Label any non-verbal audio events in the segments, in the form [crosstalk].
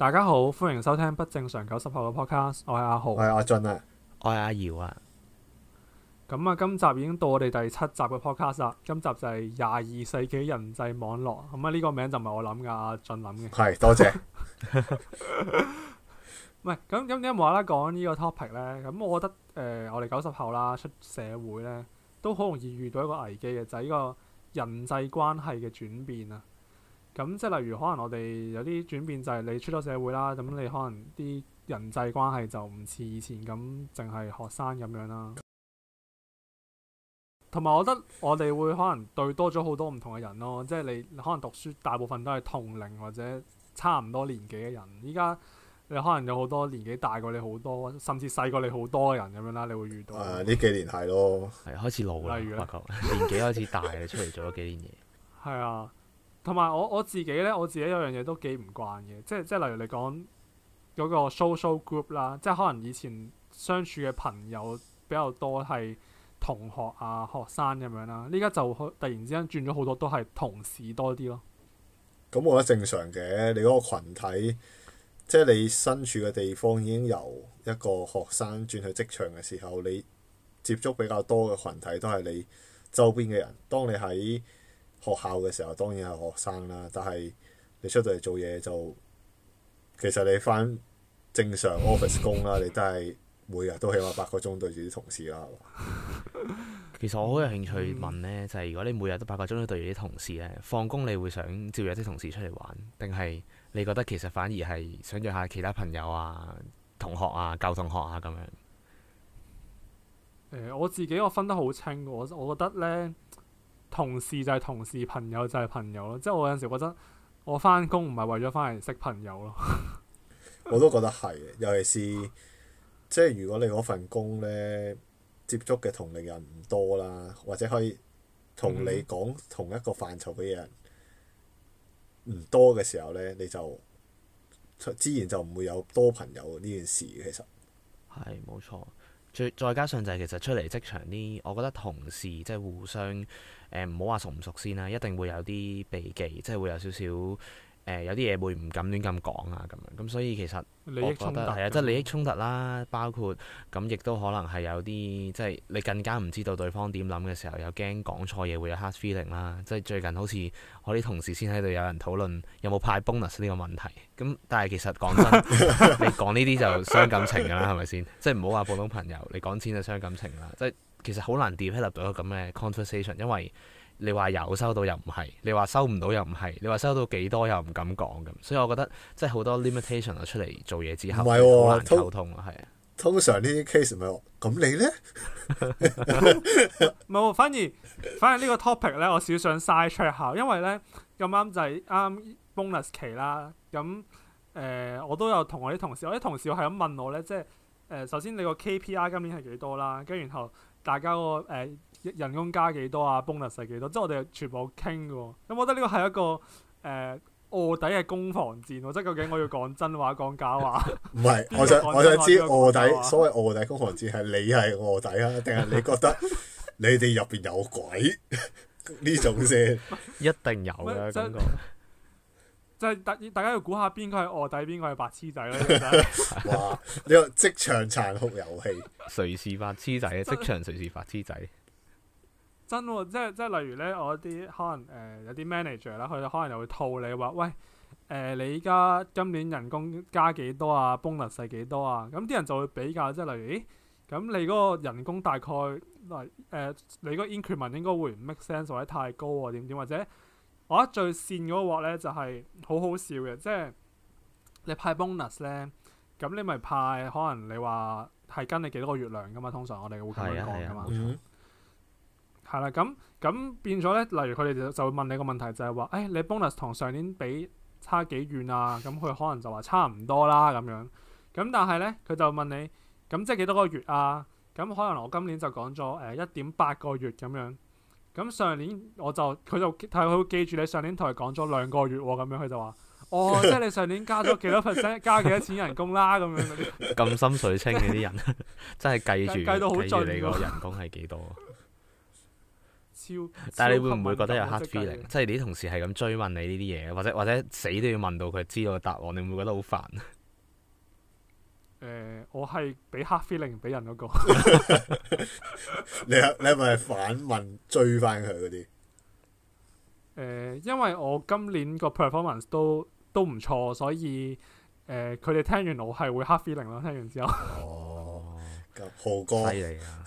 大家好，歡迎收聽不正常九十後嘅 podcast，我係阿豪，我係阿俊啊，我係阿姚啊。咁啊，今集已經到我哋第七集嘅 podcast 啦。今集就係廿二世紀人際網絡，咁啊呢個名就唔係我諗噶，阿俊諗嘅。係， [laughs] 多謝。唔係， [laughs] [laughs] 咁咁點解無啦啦講呢個 topic 咧？咁我覺得誒、呃，我哋九十後啦，出社會咧，都好容易遇到一個危機嘅，就係、是、呢個人際關係嘅轉變啊。咁即係例如，可能我哋有啲轉變就係你出咗社會啦，咁你可能啲人際關係就唔似以前咁，淨係學生咁樣啦。同埋我覺得我哋會可能對多咗好多唔同嘅人咯，即係你可能讀書大部分都係同齡或者差唔多年紀嘅人，依家你可能有好多年紀大過你好多，甚至細過你好多嘅人咁樣啦，你會遇到、啊。呢幾年係咯，係開始老啦，例如年紀開始大， [laughs] 你出嚟做咗幾年嘢。係啊。同埋我我自己咧，我自己有樣嘢都幾唔慣嘅，即係即係，例如你講嗰個 social group 啦，即係可能以前相處嘅朋友比較多，係同學啊、學生咁樣啦。呢家就突然之間轉咗好多，都係同事多啲咯。咁我覺得正常嘅，你嗰個群體，即係你身處嘅地方已經由一個學生轉去職場嘅時候，你接觸比較多嘅群體都係你周邊嘅人。當你喺學校嘅時候當然係學生啦，但係你出到嚟做嘢就，其實你返正常 office 工啦，你都係每日都起碼八個鐘對住啲同事啦， [laughs] 其實我好有興趣問呢，就係、是、如果你每日都八個鐘都對住啲同事咧，放工你會想照約啲同事出嚟玩，定係你覺得其實反而係想約下其他朋友啊、同學啊、舊同學啊咁樣？欸，我自己我分得好清，我我覺得呢。同事就係同事，朋友就係朋友咯。即係我有陣時覺得我翻工唔係為咗翻嚟識朋友咯。 [laughs] 我都覺得係，尤其是即係如果你嗰份工呢，接觸嘅同齡人唔多啦，或者可以同你講同一個範疇嘅人唔多嘅時候呢，嗯、你就自然就唔會有多朋友呢件事。其實係冇錯，再，再加上就係、是、其實出嚟職場呢，我覺得同事即係互相。誒唔好話熟唔熟先啦，一定會有啲避忌，即係會有少少誒，有啲嘢會唔敢亂咁講啊咁樣。咁所以其實我覺得係對即係利益衝突啦，包括咁亦都可能係有啲即係你更加唔知道對方點諗嘅時候，又驚講錯嘢會有 hard feeling 啦。即係最近好似我啲同事先喺度有人討論有冇派 bonus 呢個問題。咁但係其實講真， [laughs] 你講呢啲就傷感情㗎啦，係咪先？即係唔好話普通朋友，你講錢就傷感情啦，即係。其實好難 develop 到個咁嘅 conversation，因為你話有收到又唔係，你話收唔到又唔係，你話收到幾多又唔敢講咁，所以我覺得即係好多 limitation 啊，出嚟做嘢之後，好、哦、難溝通啊，係啊通。的通常是是呢啲 case 咪，咁你咧？冇，反而反而呢個 topic 咧，我少想嘥出下，因為咧咁啱就係啱 bonus 期啦。咁誒、呃，我都有同我啲同事，我啲同事係咁問我咧，即係。誒、呃，首先你個 KPI 今年係幾多啦？跟然後大家個誒、呃、人工加幾多啊？bonus 係幾多？即係我哋全部傾嘅，咁我覺得呢個係一個誒卧、呃、底嘅攻防戰。即係究竟我要講真話講假 [laughs] 話？唔係， [laughs] 我想我想知卧底、啊、所謂卧底攻防戰係你係卧底啊，定係你覺得你哋入邊有鬼呢種先？一定有嘅感覺。 [laughs] 即係大，大家要估下邊個係卧底，邊個係白痴仔啦！ [laughs] 哇！呢 [laughs] 個職場殘酷遊戲，誰是白痴仔啊！職場誰是白痴仔。真喎，即係即係，例如咧，我啲可能誒、呃、有啲 manager 啦，佢可能又會套你話，喂，誒、呃，你依家今年人工加幾多啊？bonus 係幾多啊？咁啲、啊、人就會比較，即係例如，咦，咁你嗰個人工大概嚟誒、呃，你嗰個 increment 應該會唔 make sense，或者太高啊，點點或者。我覺得最線嗰鑊咧就係好好笑嘅，即係你派 bonus 咧，咁你咪派可能你話係跟你幾多個月糧噶嘛？通常我哋會咁樣講噶嘛。係啊係啦，咁咁變咗咧，例如佢哋就就會問你個問題就係話，誒、哎、你 bonus 同上年比差幾遠啊？咁佢可能就話差唔多啦咁樣。咁但係咧，佢就問你，咁即係幾多個月啊？咁可能我今年就講咗誒一點八個月咁樣。咁上年我就佢就睇佢記住你上年同佢講咗兩個月咁、哦、樣，佢就話哦，即係你上年加咗幾多 percent，加幾多錢人工啦咁樣啲。咁 [laughs] 心水清嘅啲人， [laughs] 真係計住計住你個人工係幾多 [laughs] 超？超。但係你會唔會覺得有 hard feeling？即係你啲同事係咁追問你呢啲嘢， [laughs] 或者或者死都要問到佢知道答案，你會唔會覺得好煩？誒、呃，我係俾 hard feeling 俾人嗰個，你你係咪反問追翻佢嗰啲？誒、呃，因為我今年個 performance 都都唔錯，所以誒，佢、呃、哋聽完我係會 hard feeling 咯。聽完之後，哦，何哥犀利啊，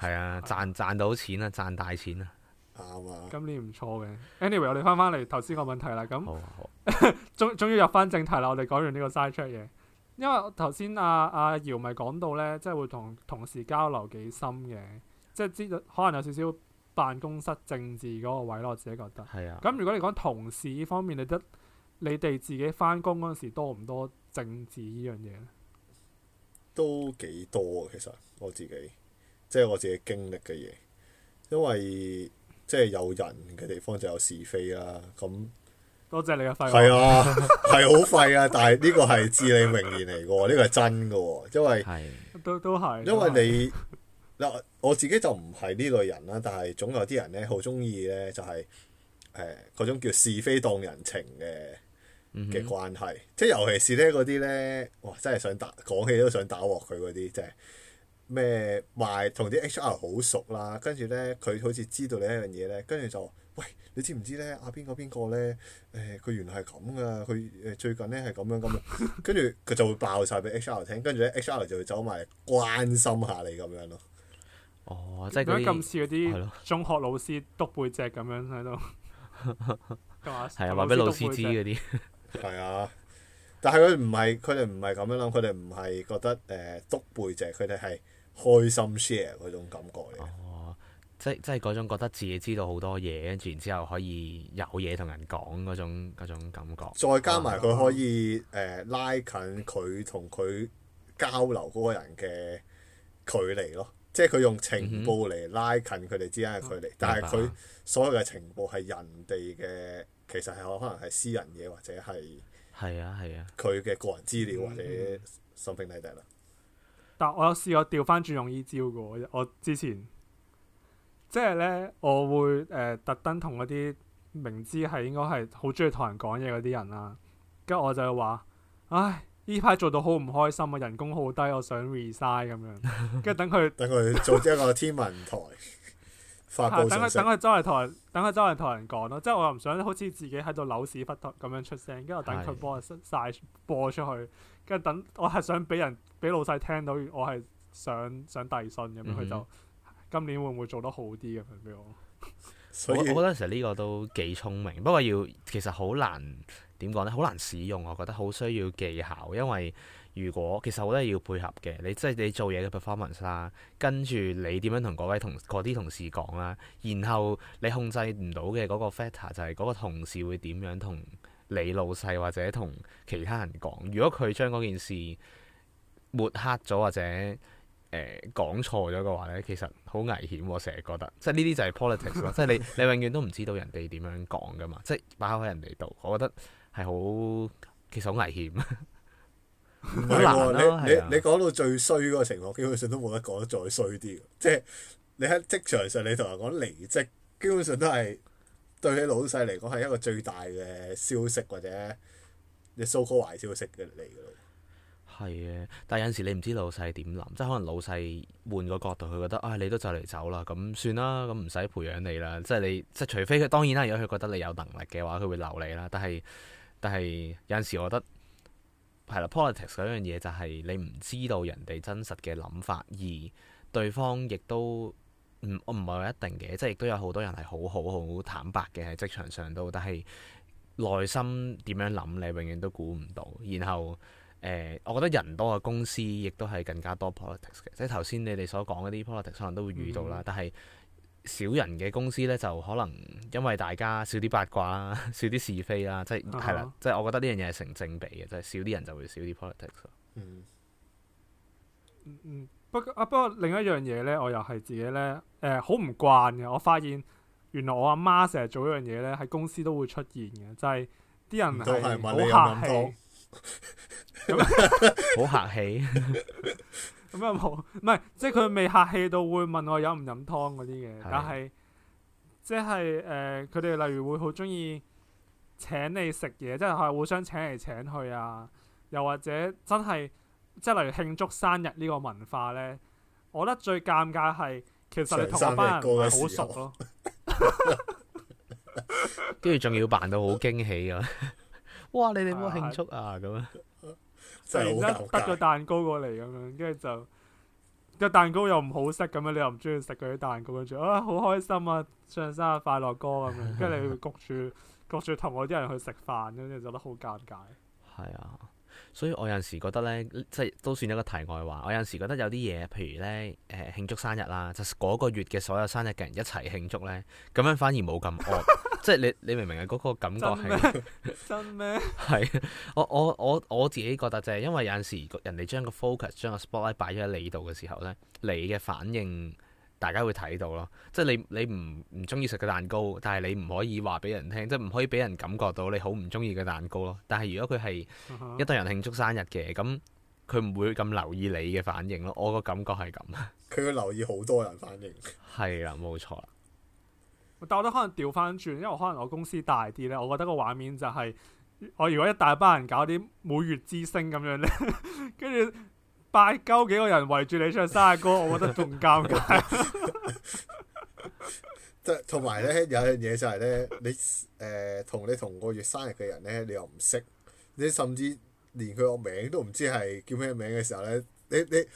係 [laughs] 啊，賺賺到錢，賺錢 [laughs] 啊，賺大錢啊，啱啊，今年唔錯嘅。anyway，我哋翻翻嚟頭先個問題啦，咁，好，中 [laughs] 終於入翻正題啦，我哋講完呢個 side track 嘢。因為頭先阿阿姚咪講到咧，即係會同同事交流幾深嘅，即係知道可能有少少辦公室政治嗰個位咯，我自己覺得。係啊。咁如果你講同事依方面，你得你哋自己翻工嗰陣時多唔多政治依樣嘢咧？都幾多，其實我自己，即係我自己經歷嘅嘢，因為即係有人嘅地方就有是非啦，啊，咁。多謝你嘅費係啊，係好費啊！ [laughs] 但係呢個係至理名言嚟嘅，呢個係真嘅，因為都都是係因為你嗱，我自己就唔係呢類人啦。但係總有啲人咧，就是，好中意咧，就係誒嗰種叫是非當人情嘅嘅關係。即係、嗯、哼尤其是咧嗰啲咧，哇！真係想打講起都想打鑊佢嗰啲，真係咩賣同啲 HR 好熟啦。跟住咧，佢好似知道你一樣嘢咧，跟住就。你知唔知咧？阿、啊、邊個邊個咧？誒、哎，佢原來係咁噶。佢誒最近咧係咁樣咁樣。跟住佢就會爆晒俾 HR 聽，跟住咧 HR 就會走埋關心下你咁樣咯。哦，即係。咁似嗰啲中學老師督背脊咁樣喺度。係啊、哦，話俾 [laughs] 老師知嗰啲。係啊，但係佢唔係，佢哋唔係咁樣諗，佢哋唔係覺得誒督、呃、背脊，佢哋係開心 share 嗰種感覺嚟。哦。即係即係嗰種覺得自己知道好多嘢，跟住然之後可以有嘢同人講嗰種種感覺。再加埋佢哇可以誒、呃、拉近佢同佢交流嗰個人嘅距離咯，即係佢用情報嚟拉近佢哋之間嘅距離。嗯、哼但係佢所有嘅情報係人哋嘅，其實係可能係私人嘢或者係，係啊係啊。佢嘅個人資料、嗯、哼或者 something like that 啦。嗯、哼但我有試過調翻轉用依招嘅，我之前。即係咧，我會誒、呃、特登同嗰啲明知係應該係好中意同人講嘢嗰啲人啦，跟住我就話：唉，呢排做到好唔開心啊，人工好低，我想 resign 咁樣。跟住等佢 [laughs] 等佢做一個天文台 [laughs] 等佢等佢周圍同人，等佢周圍同人講咯。即係我又唔想好似自己喺度扭屎忽咁樣出聲，跟住我等佢幫我曬播出去。跟住等我係想俾人俾老細聽到我，我係想想遞信咁樣，佢就。Mm hmm. 今年會唔會做得好啲嘅？俾我所以，我覺得其實呢個都幾聰明，不過要其實好難點講呢？好難使用。我覺得好需要技巧，因為如果其實我都係要配合嘅，你即係、就是、你做嘢嘅 performance 啦，跟住你點樣同嗰位同嗰啲同事講啦，然後你控制唔到嘅嗰個 factor 就係嗰個同事會點樣同你老細或者同其他人講。如果佢將嗰件事抹黑咗或者，誒講、呃、錯咗嘅話咧，其實好危險喎！成日覺得，即係呢啲就係 politics [laughs] 即係你你永遠都唔知道人哋點樣講噶嘛，即係擺喺人哋度，我覺得係好其實好危險。你你講 [laughs] 到最衰嗰個情況，基本上都冇得講得再衰啲，即係你喺職場上你同人講離職，基本上都係對你老細嚟講係一個最大嘅消息或者你收個壞消息嘅嚟㗎咯。係嘅，但係有陣時你唔知道老細點諗，即係可能老細換個角度，佢覺得啊、哎，你都就嚟走啦，咁算啦，咁唔使培養你啦。即係你，即係除非佢當然啦，如果佢覺得你有能力嘅話，佢會留你啦。但係但係有陣時，我覺得係啦，politics 嗰樣嘢就係你唔知道人哋真實嘅諗法，而對方亦都唔我唔係話一定嘅，即係亦都有好多人係好好好坦白嘅喺職場上都，但係內心點樣諗，你永遠都估唔到。然後。誒、呃，我覺得人多嘅公司亦都係更加多 politics 嘅，即係頭先你哋所講嗰啲 politics，可能都會遇到啦。嗯、但係少人嘅公司呢，就可能因為大家少啲八卦啦，少啲是非啦，即係係啦，即係我覺得呢樣嘢係成正比嘅，即係少啲人就會少啲 politics 咯。嗯嗯不過，不過另一樣嘢呢，我又係自己呢，誒、呃，好唔慣嘅。我發現原來我阿媽成日做一樣嘢呢，喺公司都會出現嘅，就係、係、啲人係好客氣。 [laughs] 嗯、好客氣，咁又冇，唔、嗯、係，即係佢未客氣到會問我飲唔飲湯嗰啲嘅。的但係即係誒，佢、就、哋、是呃、例如會好中意請你食嘢，即、就、係、是、互相請嚟請去啊，又或者真係即係例如慶祝生日呢個文化咧，我覺得最尷尬係，其實你同班人好熟咯，跟住仲要扮到好驚喜咁、啊。哇！你哋有冇慶祝啊？咁啊，突 [laughs] 然間得個蛋糕過嚟咁樣，跟住就個蛋糕又唔好食咁樣，你又唔中意食佢啲蛋糕，跟住啊，好開心啊，唱生日快樂歌咁樣，跟住你焗住焗住同我啲人去食飯，跟住覺得好尷尬。係啊。所以我有陣時覺得呢，即係都算一個題外話。我有陣時覺得有啲嘢，譬如呢誒、呃、慶祝生日啦，就嗰、是、個月嘅所有生日嘅人一齊慶祝呢，咁樣反而冇咁惡。 [laughs] 即係你你明唔明啊？嗰、那個感覺係真咩？係 [laughs] 我我我，我自己覺得就啫，因為有陣時人哋將個 focus 將個 spotlight 咧擺咗喺你度嘅時候呢，你嘅反應。大家會睇到咯，即係你你唔唔中意食個蛋糕，但係你唔可以話俾人聽，即係唔可以俾人感覺到你好唔中意嘅蛋糕咯。但係如果佢係一堆人慶祝生日嘅，咁佢唔會咁留意你嘅反應咯。我個感覺係咁。佢會留意好多人反應。係啦，冇錯啦。但我覺得可能調翻轉，因為可能我公司大啲咧，我覺得個畫面就係、是、我如果一大班人搞啲每月之星咁樣咧，跟住。嗌交幾個人圍住你唱生日歌，我覺得仲尷尬。即係同埋咧，有樣嘢就係咧，你誒同、呃、你同個月生日嘅人咧，你又唔識，你甚至連佢個名都唔知係叫咩名嘅時候咧，你你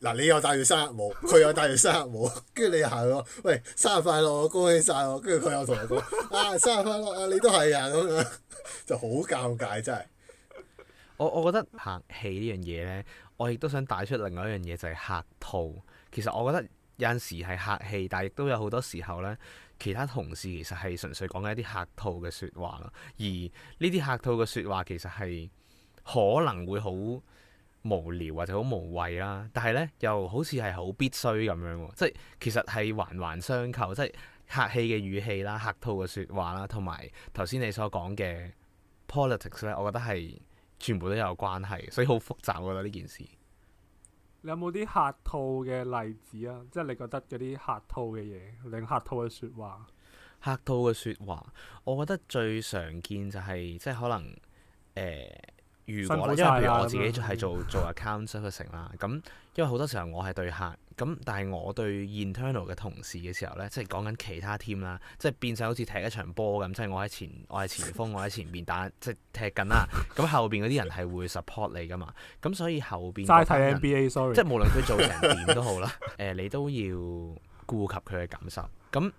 嗱你又戴住生日帽，佢又戴住生日帽，跟住 [laughs] 你行佢話，喂，生日快樂，恭喜曬！跟住佢又同我講， [laughs] 啊，生日快樂啊，你都係啊咁樣。 [laughs] 就好尷尬真係。 [laughs] 我我覺得拍戲呢樣嘢咧。我亦都想帶出另外一樣嘢，就係客套。其實我覺得有陣時係客氣，但係亦都有好多時候呢，其他同事其實係純粹講緊一啲客套嘅説話。而呢啲客套嘅説話其實係可能會好無聊或者好無謂啦，但係呢又好似係好必須咁樣喎。即係其實係環環相扣，即係客氣嘅語氣啦、客套嘅説話啦，同埋頭先你所講嘅 politics 呢，我覺得係。全部都有關係，所以好複雜，覺得呢件事。你有冇啲客套嘅例子啊？即係你覺得嗰啲客套嘅嘢，令客套嘅説話。客套嘅説話，我覺得最常見就係、是、即係可能誒、呃，如果咧，即係我自己就係做、嗯、做 account servicing 啦。咁因為好多時候我係對客。咁、嗯、但係我對 internal 嘅同事嘅時候咧，即係講緊其他 team 啦，即係變成好似踢一場波咁，即係我喺前，我係前鋒我喺前邊打，即係踢緊啦。咁、嗯、後邊嗰啲人係會 support 你噶嘛。咁、嗯、所以後邊齋睇 NBA，sorry，即係無論佢做成點都好啦。誒、 [laughs] 呃、你都要顧及佢嘅感受。咁、嗯、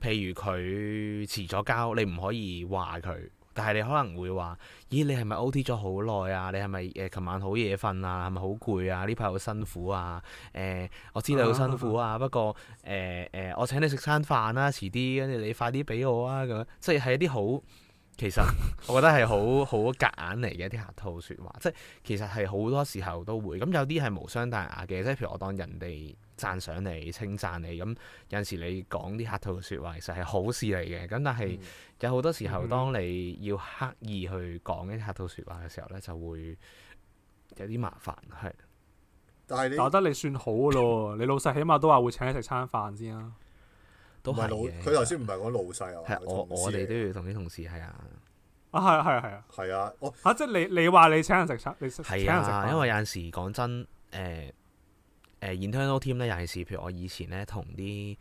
譬如佢遲咗交，你唔可以話佢。但係你可能會話：咦，你係咪 O.T. 咗好耐啊？你係咪誒琴晚好夜瞓啊？係咪好攰啊？呢排好辛苦啊？誒、呃，我知你好辛苦啊。不過誒誒、呃呃，我請你食餐飯啦、啊，遲啲跟住你快啲俾我啊。咁樣即係一啲好，其實我覺得係好好夾硬嚟嘅一啲客套説話。即係其實係好多時候都會咁，有啲係無傷大雅嘅，即係譬如我當人哋讚賞你、稱讚你，咁有時你講啲客套説話，其實係好事嚟嘅。咁但係，嗯有好多時候，當你要刻意去講呢一套説話嘅時候咧，就會有啲麻煩。係，但係你我覺 [laughs] 得你算好咯。你老細起碼都話會請你食餐飯先啦。都係嘅。佢頭先唔係講老細啊。係的我我哋都要同啲同事，係啊。啊係啊係啊係啊。係啊， [laughs] 我嚇即係你你話你請人食餐，你請人食飯。因為有陣時講真，誒誒 Interview Team 咧，尤其係譬如我以前咧同啲。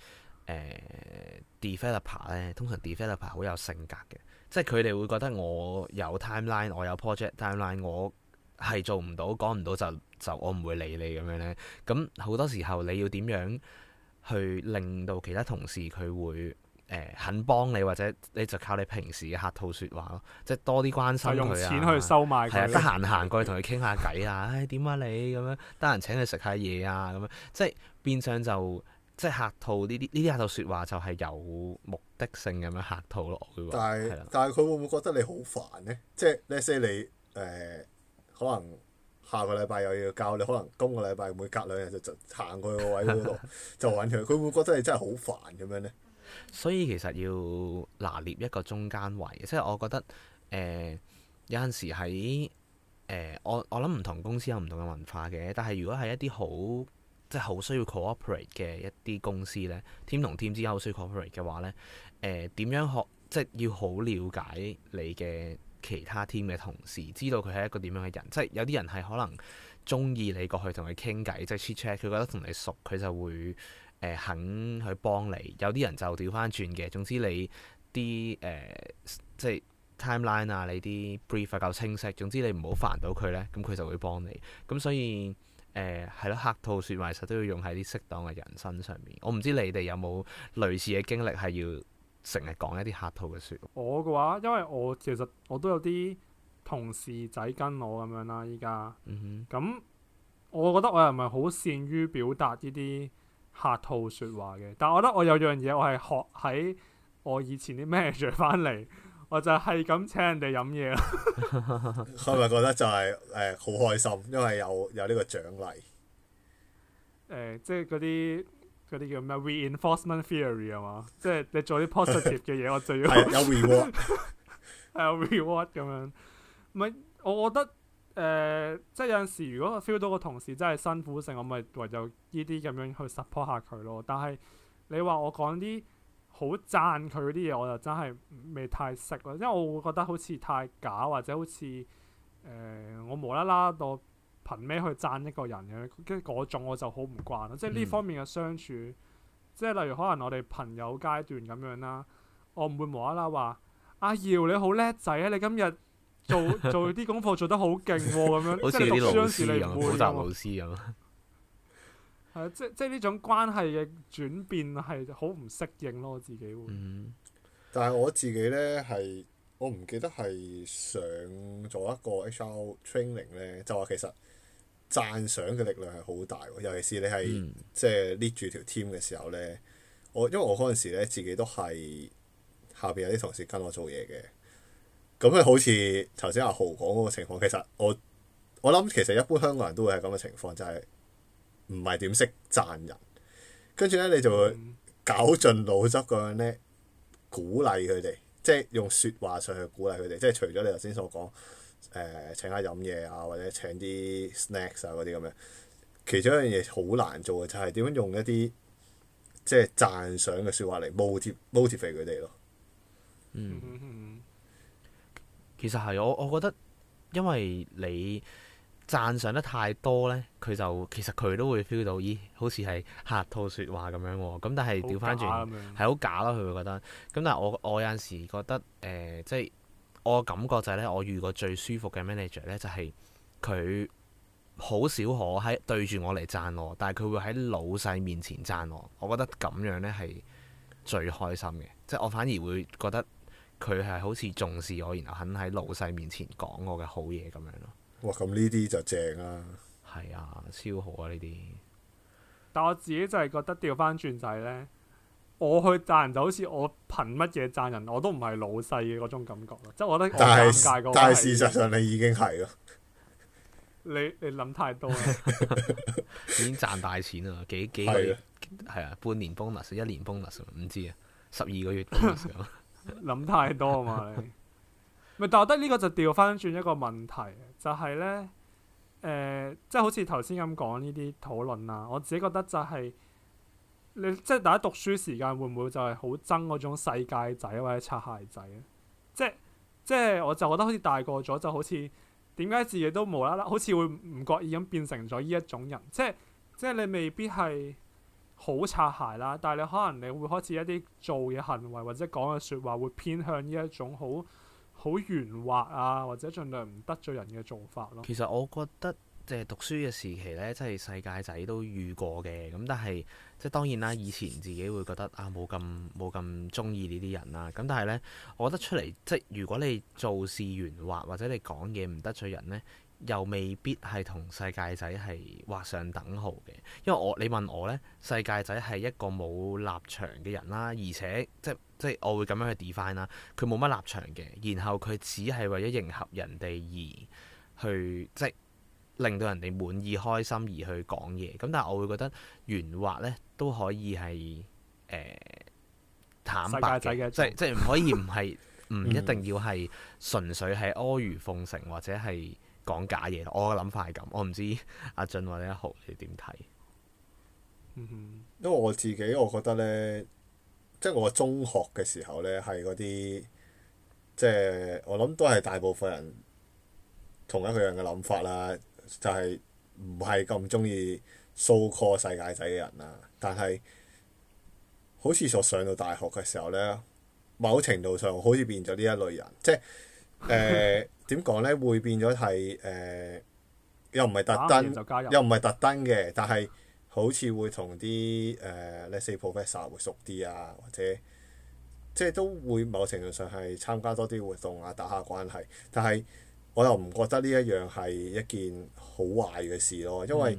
誒 developer 咧，通常 developer 好有性格嘅，即係佢哋會覺得我有 timeline，我有 project timeline，我係做唔到，講唔到就就我唔會理你咁樣咧。咁好多時候你要點樣去令到其他同事佢會誒、呃、肯幫你，或者你就靠你平時嘅客套説話咯，即係多啲關心用錢去收買佢啊，得閒行過去同佢傾下偈啊，唉點啊你咁樣，得閒請佢食下嘢啊咁樣，即係變相就。即係客套呢啲呢啲客套說話就係有目的性咁樣客套落去，但係的但係佢會唔會覺得你好煩呢？即係你四嚟誒，可能下個禮拜又要教你，你可能今個禮拜每隔兩日就 [laughs] 就行去個位度就揾佢，佢會唔會覺得你真係好煩咁樣呢？ [laughs] 所以其實要拿捏一個中間位，即係我覺得、呃、有陣時喺、呃、我我諗唔同公司有唔同嘅文化嘅，但係如果係一啲好。即係好需要 cooperate 嘅一啲公司呢，team 同 team 之間好需要 cooperate 嘅話呢，誒、呃、點樣學？即係要好了解你嘅其他 team 嘅同事，知道佢係一個點樣嘅人。即係有啲人係可能中意你過去同佢傾偈，即係 chat chat，佢覺得同你熟，佢就會誒、呃、肯去幫你。有啲人就調翻轉嘅。總之你啲誒、呃、即係 timeline 啊，你啲 brief 夠、啊、清晰。總之你唔好煩到佢呢，咁佢就會幫你。咁所以。誒係咯，客套説話其實都要用喺啲適當嘅人身上面。我唔知你哋有冇類似嘅經歷，係要成日講一啲客套嘅説話。我嘅話，因為我其實我都有啲同事仔跟我咁樣啦，依家咁我覺得我又唔係好善於表達呢啲客套説話嘅，但係我覺得我有樣嘢我係學喺我以前啲 manager 翻嚟。我就係咁請人哋飲嘢咯。係咪覺得就係誒好開心，因為有有呢個獎勵？誒，即係嗰啲啲叫咩？Reinforcement Theory 啊嘛， [laughs] 即係你做啲 positive 嘅嘢， [laughs] 我就要係 [laughs] 有 reward，有 reward 咁樣。咪我我覺得誒、欸，即係有陣時如果 feel 到個同事真係辛苦成，我咪唯有呢啲咁樣去 support 下佢咯。但係你話我講啲。好讚佢嗰啲嘢，我就真係未太識咯，因為我會覺得好似太假，或者好似誒、呃、我無啦啦到憑咩去讚一個人嘅，跟住嗰種我就好唔慣咯。嗯、即係呢方面嘅相處，即係例如可能我哋朋友階段咁樣啦，我唔會無啦啦話阿瑤你好叻仔啊，你今日做 [laughs] 做啲功課做得好勁喎咁樣， [laughs] 好像 即係你讀書時老師你唔會。 [laughs] 係即係呢種關係嘅轉變係好唔適應咯，我自己會。嗯、但係我自己呢，係，我唔記得係上咗一個 HR training 呢就話其實讚賞嘅力量係好大喎，尤其是你係、嗯、即係捏住條 team 嘅時候呢。我因為我嗰陣時呢，自己都係下邊有啲同事跟我做嘢嘅，咁啊好似頭先阿豪講嗰個情況，其實我我諗其實一般香港人都會係咁嘅情況，就係、是。唔係點識讚人，跟住咧你就會絞盡腦汁咁樣咧鼓勵佢哋，即係用説話上去鼓勵佢哋。即係除咗你頭先所講誒、呃、請下飲嘢啊，或者請啲 snacks 啊嗰啲咁樣，其中一樣嘢好難做嘅就係點樣用一啲即係讚賞嘅説話嚟 motivate motivate 佢哋咯。嗯。其實係我我覺得，因為你。讚賞得太多呢，佢就其實佢都會 feel 到，咦，好似係客套説話咁樣喎。咁但係調翻轉係好假咯，佢會覺得。咁但係我我有陣時覺得誒、呃，即係我感覺就係、是、呢，我遇過最舒服嘅 manager 呢、就是，就係佢好少可喺對住我嚟讚我，但係佢會喺老細面前讚我。我覺得咁樣呢係最開心嘅，即係我反而會覺得佢係好似重視我，然後肯喺老細面前講我嘅好嘢咁樣咯。哇！咁呢啲就正啦、啊，係啊，超好啊呢啲。但我自己就係覺得調翻轉仔咧，我去讚人就好似我憑乜嘢讚人，我都唔係老細嘅嗰種感覺咯。即係我覺得尷尬。但係事實上你已經係咯，你你諗太多啦， [laughs] [laughs] 已經賺大錢啦，幾幾個月係的啊，半年 bonus 一年 bonus 唔知啊，十二個月 bonus。諗 [laughs] [laughs] 太多啊嘛，你，咪 [laughs] 但我覺得呢個就調翻轉一個問題。就係咧，誒、呃，即係好似頭先咁講呢啲討論啊，我自己覺得就係，你即係大家讀書時間會唔會就係好憎嗰種世界仔或者擦鞋仔啊？即係即係我就覺得好似大個咗，就好似點解自己都無啦啦，好似會唔覺意咁變成咗呢一種人。即係即係你未必係好擦鞋啦，但係你可能你會開始一啲做嘢行為或者講嘅説話會偏向呢一種好。好圓滑啊，或者盡量唔得罪人嘅做法咯。其實我覺得，即係讀書嘅時期呢，即係世界仔都遇過嘅。咁但係，即係當然啦，以前自己會覺得啊，冇咁冇咁中意呢啲人啦。咁但係呢，我覺得出嚟，即如果你做事圓滑，或者你講嘢唔得罪人呢，又未必係同世界仔係劃上等號嘅。因為我你問我呢，世界仔係一個冇立場嘅人啦，而且即即係我會咁樣去 define 啦，佢冇乜立場嘅，然後佢只係為咗迎合人哋而去，即係令到人哋滿意開心而去講嘢。咁但係我會覺得圓滑呢都可以係、呃、坦白嘅，即係即係唔可以唔係唔一定要係純粹係阿諛奉承或者係講假嘢。我嘅諗法係咁，我唔知阿俊或者阿豪你點睇？嗯哼，因為我自己我覺得呢。即係我中學嘅時候咧，係嗰啲，即係我諗都係大部分人同一樣嘅諗法啦，就係唔係咁中意掃貨世界仔嘅人啦。但係好似所上到大學嘅時候咧，某程度上好似變咗呢一類人，即係誒點講咧，會變咗係誒又唔係特登，又唔係特登嘅，但係。好似會同啲誒、uh,，let's say professor 會熟啲啊，或者即係都會某程度上係參加多啲活動啊，打下關係。但係我又唔覺得呢一樣係一件好壞嘅事咯，因為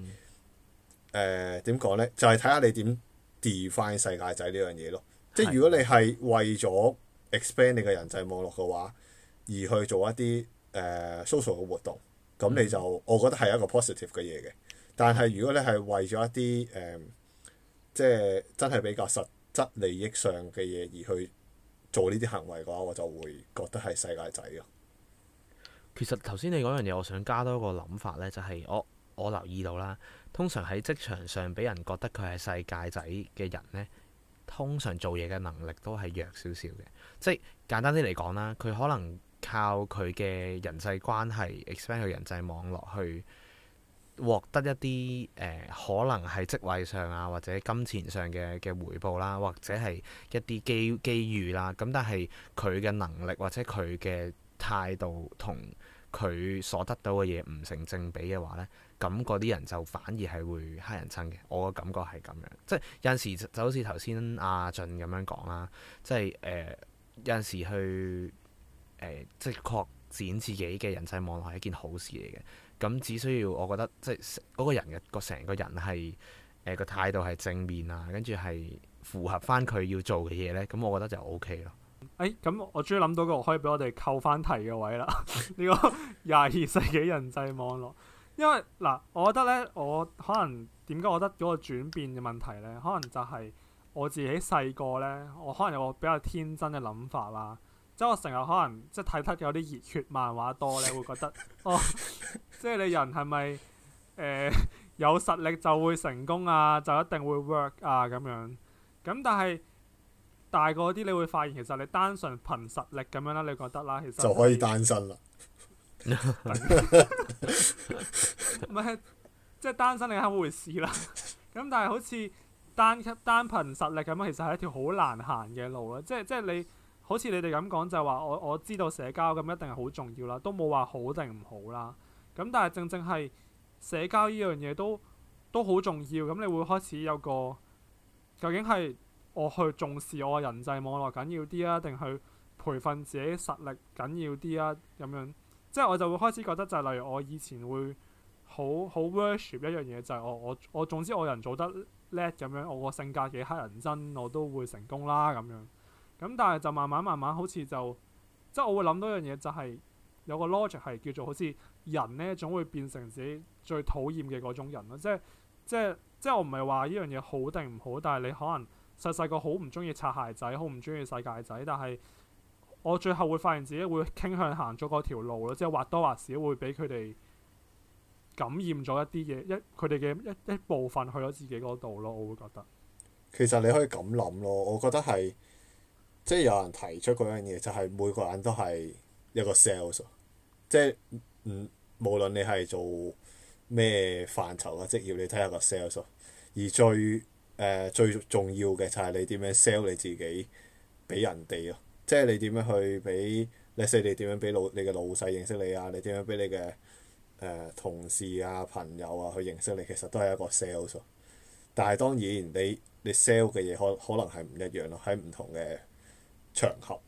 誒點講呢？就係睇下你點 define 世界仔呢樣嘢咯。是即係如果你係為咗 expand 你嘅人際網絡嘅話，而去做一啲誒、uh, social 嘅活動，咁你就、嗯、我覺得係一個 positive 嘅嘢嘅。但係，如果你係為咗一啲、嗯、即係真係比較實質利益上嘅嘢而去做呢啲行為嘅話，我就會覺得係世界仔咯。其實頭先你講樣嘢，我想加多個諗法呢，就係我我留意到啦。通常喺職場上俾人覺得佢係世界仔嘅人呢，通常做嘢嘅能力都係弱少少嘅。即係簡單啲嚟講啦，佢可能靠佢嘅人際關係、expand 佢人際網絡去。獲得一啲誒、呃、可能係職位上啊，或者金錢上嘅嘅回報啦，或者係一啲機機遇啦。咁但係佢嘅能力或者佢嘅態度同佢所得到嘅嘢唔成正比嘅話咧，咁嗰啲人就反而係會黑人憎嘅。我嘅感覺係咁樣，即係有陣時就好似頭先阿俊咁樣講啦，即係誒、呃、有陣時去誒、呃、即係擴展自己嘅人際網絡係一件好事嚟嘅。咁只需要，我覺得即係嗰、那個人嘅個成個人係誒個態度係正面啊，跟住係符合翻佢要做嘅嘢咧，咁我覺得就 OK 咯。誒、哎，咁我終於諗到個可以俾我哋扣翻題嘅位啦，呢 [laughs] 個廿二世紀人際網絡。因為嗱，我覺得咧，我可能點解我覺得嗰個轉變嘅問題咧，可能就係我自己細個咧，我可能有個比較天真嘅諗法啦。即係我成日可能即係睇得有啲熱血漫畫多咧，會覺得哦，即係你人係咪誒有實力就會成功啊？就一定會 work 啊咁樣。咁但係大個啲，你會發現其實你單純憑實力咁樣啦，你覺得啦，其實就係、就可以單身啦。唔係，即係單身你係一回事啦。咁但係好似單單憑實力咁樣，其實係一條好難行嘅路啦。即係即係你。好似你哋咁講就係、是、話我我知道社交咁一定係好重要啦，都冇話好定唔好啦。咁但係正正係社交呢樣嘢都都好重要。咁你會開始有個究竟係我去重視我人際網絡緊要啲啊，定係去培訓自己實力緊要啲啊？咁樣即係我就會開始覺得就係例如我以前會好好 worship 一樣嘢就係、是、我我我總之我人做得叻咁樣，我個性格幾乞人憎，我都會成功啦咁樣。咁但係就慢慢慢慢好似就即係我會諗到一樣嘢、就是，就係有個 logic 係叫做好似人咧，總會變成自己最討厭嘅嗰種人咯。即係即係即係我唔係話呢樣嘢好定唔好，但係你可能細細個好唔中意擦鞋仔，好唔中意世界仔，但係我最後會發現自己會傾向行咗嗰條路咯，即係或多或少會俾佢哋感染咗一啲嘢，一佢哋嘅一一部分去咗自己嗰度咯。我會覺得其實你可以咁諗咯，我覺得係。即係有人提出嗰樣嘢，就係、是、每個人都係一個 sales，即係唔無論你係做咩範疇嘅職業，你睇下個 sales。而最誒、呃、最重要嘅就係你點樣 sell 你自己俾人哋啊，即係你點樣去俾你，你，即你點樣俾老你嘅老細認識你啊？你點樣俾你嘅誒、呃、同事啊、朋友啊去認識你？其實都係一個 sales。但係當然你，你你 sell 嘅嘢可可能係唔一樣咯，係唔同嘅。場合，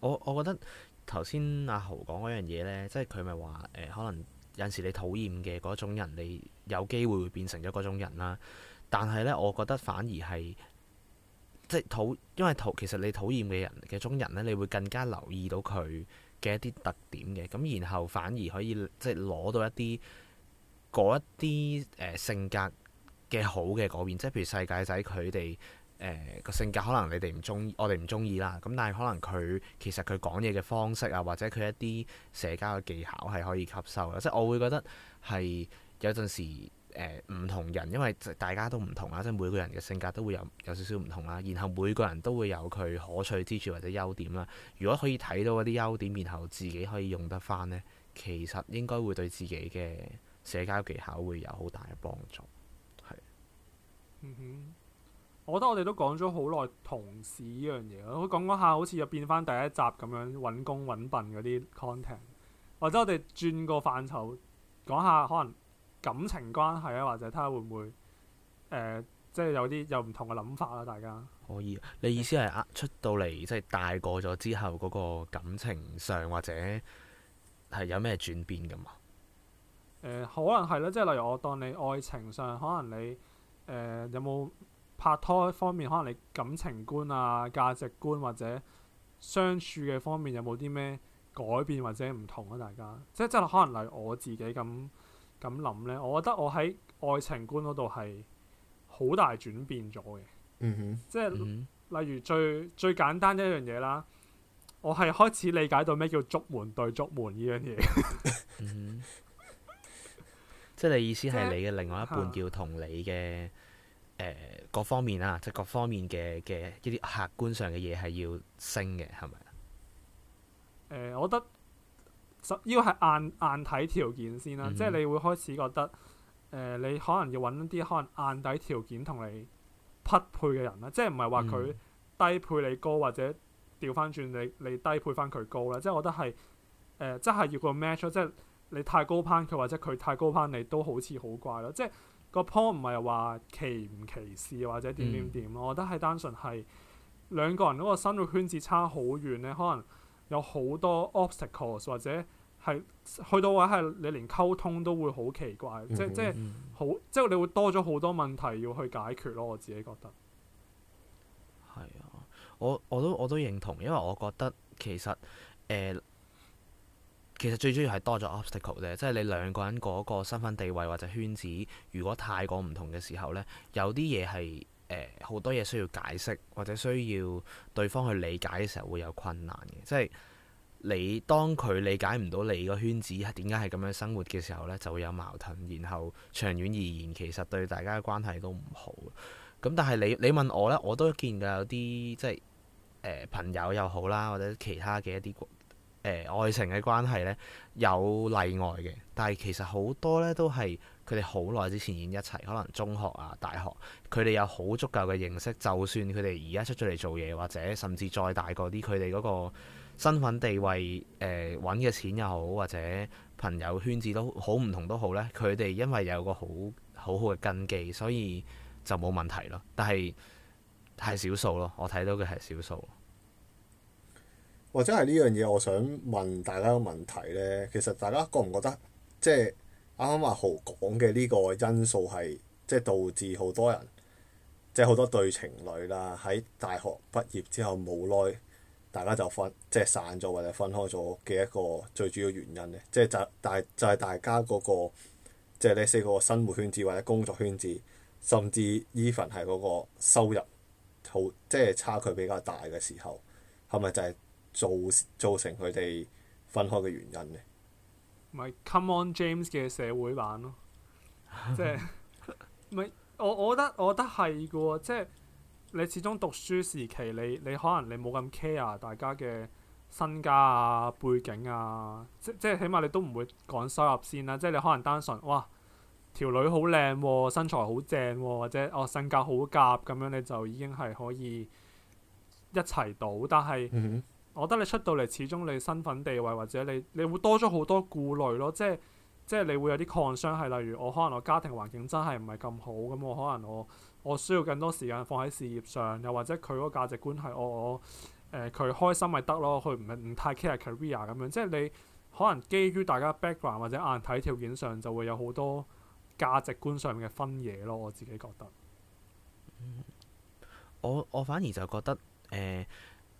我我覺得頭先阿豪講嗰樣嘢呢，即係佢咪話誒，可能有陣時你討厭嘅嗰種人，你有機會會變成咗嗰種人啦。但係呢，我覺得反而係即係討，因為討其實你討厭嘅人嘅種人呢，你會更加留意到佢嘅一啲特點嘅，咁然後反而可以即係攞到一啲嗰一啲誒性格嘅好嘅嗰邊，即係譬如世界仔佢哋。誒個，呃、性格可能你哋唔中意，我哋唔中意啦。咁但係可能佢其實佢講嘢嘅方式啊，或者佢一啲社交嘅技巧係可以吸收啦。即係我會覺得係有陣時誒、唔、呃、同人，因為大家都唔同啦，即係每個人嘅性格都會有有少少唔同啦。然後每個人都會有佢可取之處或者優點啦。如果可以睇到嗰啲優點，然後自己可以用得翻呢，其實應該會對自己嘅社交技巧會有好大嘅幫助。係。嗯哼。我覺得我哋都講咗好耐同事呢樣嘢咯。我講講下，好似又變返第一集咁樣揾工揾笨嗰啲 content，或者我哋轉個範疇講下，可能感情關係啊，或者睇下會唔會、呃、即係有啲有唔同嘅諗法啦、啊，大家可以。你意思係呃、啊、出到嚟即係大個咗之後，嗰、嗰個感情上或者係有咩轉變咁啊、呃？可能係咯，即係例如我當你愛情上，可能你、呃、有冇？拍拖方面，可能你感情觀啊、價值觀或者相處嘅方面，有冇啲咩改變或者唔同啊？大家即係即係可能例如我自己咁咁諗呢，我覺得我喺愛情觀嗰度係好大轉變咗嘅。嗯哼，即係例如最最簡單一樣嘢啦，我係開始理解到咩叫觸門對觸門呢樣嘢。即係你意思係你嘅另外一半要同你嘅、嗯。誒、呃、各方面啦，即係各方面嘅嘅一啲客觀上嘅嘢係要升嘅，係咪啊？誒、呃，我覺得實要係硬硬體條件先啦，嗯、哼即係你會開始覺得誒、呃，你可能要揾一啲可能硬體條件同你匹配嘅人啦，即係唔係話佢低配你高、嗯、或者調翻轉你你低配翻佢高啦？即係我覺得係誒，即、呃、係要個 match，即係你太高攀佢或者佢太高攀你都好似好怪咯，即係。個 point 唔係話歧唔歧視或者點點點，我覺得係單純係兩個人嗰個生活圈子差好遠呢，可能有好多 obstacles，或者係去到位係你連溝通都會好奇怪，嗯、哼即、嗯、哼即係好即係你會多咗好多問題要去解決咯。我自己覺得係啊，我我都我都認同，因為我覺得其實誒，呃其實最主要係多咗 obstacle 咧，即係你兩個人嗰個身份地位或者圈子，如果太過唔同嘅時候呢，有啲嘢係誒好多嘢需要解釋，或者需要對方去理解嘅時候會有困難嘅。即係你當佢理解唔到你個圈子點解係咁樣生活嘅時候呢，就會有矛盾，然後長遠而言其實對大家嘅關係都唔好。咁但係你你問我呢，我都見到有啲即係誒、呃、朋友又好啦，或者其他嘅一啲。誒、呃、愛情嘅關係呢，有例外嘅，但係其實好多呢，都係佢哋好耐之前已經一齊，可能中學啊、大學，佢哋有好足夠嘅認識。就算佢哋而家出咗嚟做嘢，或者甚至再大個啲，佢哋嗰個身份地位、誒揾嘅錢又好，或者朋友圈子都好唔同都好呢，佢哋因為有個好好好嘅根基，所以就冇問題咯。但係係少數咯，我睇到嘅係少數。或者係呢樣嘢，我想問大家個問題呢，其實大家覺唔覺得，即係啱啱阿豪講嘅呢個因素係，即係導致好多人，即係好多對情侶啦，喺大學畢業之後冇耐，大家就分即係散咗或者分開咗嘅一個最主要原因呢，即係就大就係大家嗰、嗰個，即係你四個生活圈子或者工作圈子，甚至 even 係嗰個收入好即係差距比較大嘅時候，係咪就係、是？造造成佢哋分開嘅原因呢，咪 Come on James 嘅社會版咯， [laughs] 即係咪，我我覺得我覺得係嘅喎。即係你始終讀書時期，你你可能你冇咁 care 大家嘅身家啊、背景啊，即即係起碼你都唔會講收入先啦。即係你可能單純哇條女好靚、啊，身材好正、啊，或者哦性格好夾咁樣，你就已經係可以一齊到。但係，mm hmm. 我覺得你出到嚟，始終你身份地位或者你，你會多咗好多顧慮咯。即係即係你會有啲抗傷係，例如我可能我家庭環境真係唔係咁好，咁我可能我我需要更多時間放喺事業上，又或者佢嗰個價值觀係我我誒佢、呃、開心咪得咯，佢唔係唔太 care career 咁樣。即係你可能基於大家 background 或者硬體條件上，就會有好多價值觀上面嘅分野咯。我自己覺得。我我反而就覺得誒。呃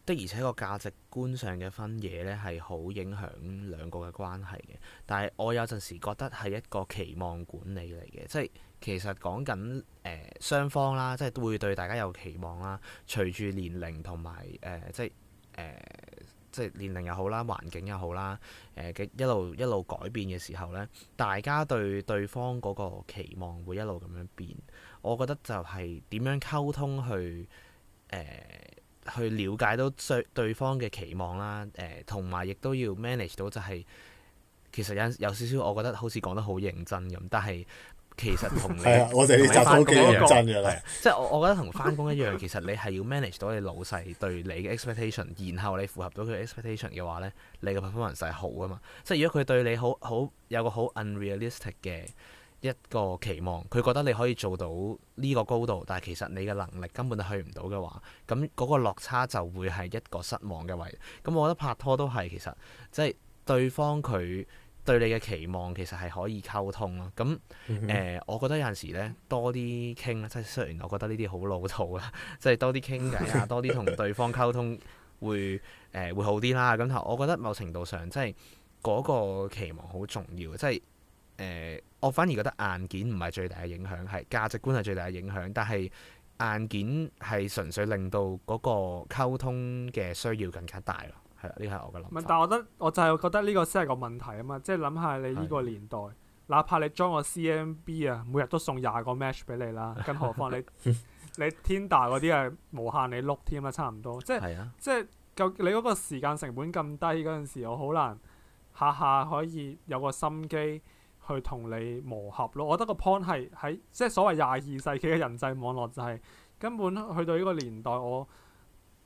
的而且個價值觀上嘅分野呢，係好影響兩個嘅關係嘅。但係我有陣時覺得係一個期望管理嚟嘅，即係其實講緊誒雙方啦，即係都會對大家有期望啦。隨住年齡同埋誒即係誒、呃、即係年齡又好啦，環境又好啦，誒、呃、嘅一路一路改變嘅時候呢，大家對對方嗰個期望會一路咁樣變，我覺得就係點樣溝通去誒。呃去了解到對方嘅期望啦，誒、呃，同埋亦都要 manage 到就係、是、其實有有少少，我覺得好似講得好認真咁，但係其實同你我哋要翻工一樣， [laughs] 即係我我覺得同翻工一樣， [laughs] 其實你係要 manage 到你老細對你嘅 expectation，然後你符合到佢 expectation 嘅話呢，你嘅 performance 係好噶嘛。即係如果佢對你好好有個好 unrealistic 嘅一個期望，佢覺得你可以做到呢個高度，但係其實你嘅能力根本去唔到嘅話，咁嗰個落差就會係一個失望嘅位。咁，我覺得拍拖都係其實即係對方佢對你嘅期望，其實係可以溝通咯。咁誒、嗯哼呃，我覺得有陣時呢，多啲傾，即係雖然我覺得呢啲好老套、 [laughs] 呃、好啦，即係多啲傾偈啊，多啲同對方溝通會誒會好啲啦。咁，我覺得某程度上即係嗰個期望好重要，即係誒。呃我反而覺得硬件唔係最大嘅影響，係價值觀係最大嘅影響。但係硬件係純粹令到嗰個溝通嘅需要更加大咯。係，呢個係我嘅諗。唔係，但係我，得我覺得我就係覺得呢個先係個問題啊嘛。即係諗下你呢個年代，的哪怕你裝個 CMB 啊，每日都送廿個 match 俾你啦，更何況你 [laughs] 你 Tinder 嗰啲係無限你碌添啊，差唔多。即係的即係，就你嗰個時間成本咁低嗰陣時，我好難下下可以有個心機。去同你磨合咯，我覺得個 point 係喺即係所謂廿二世紀嘅人際網絡就係、是、根本去到呢個年代我，即我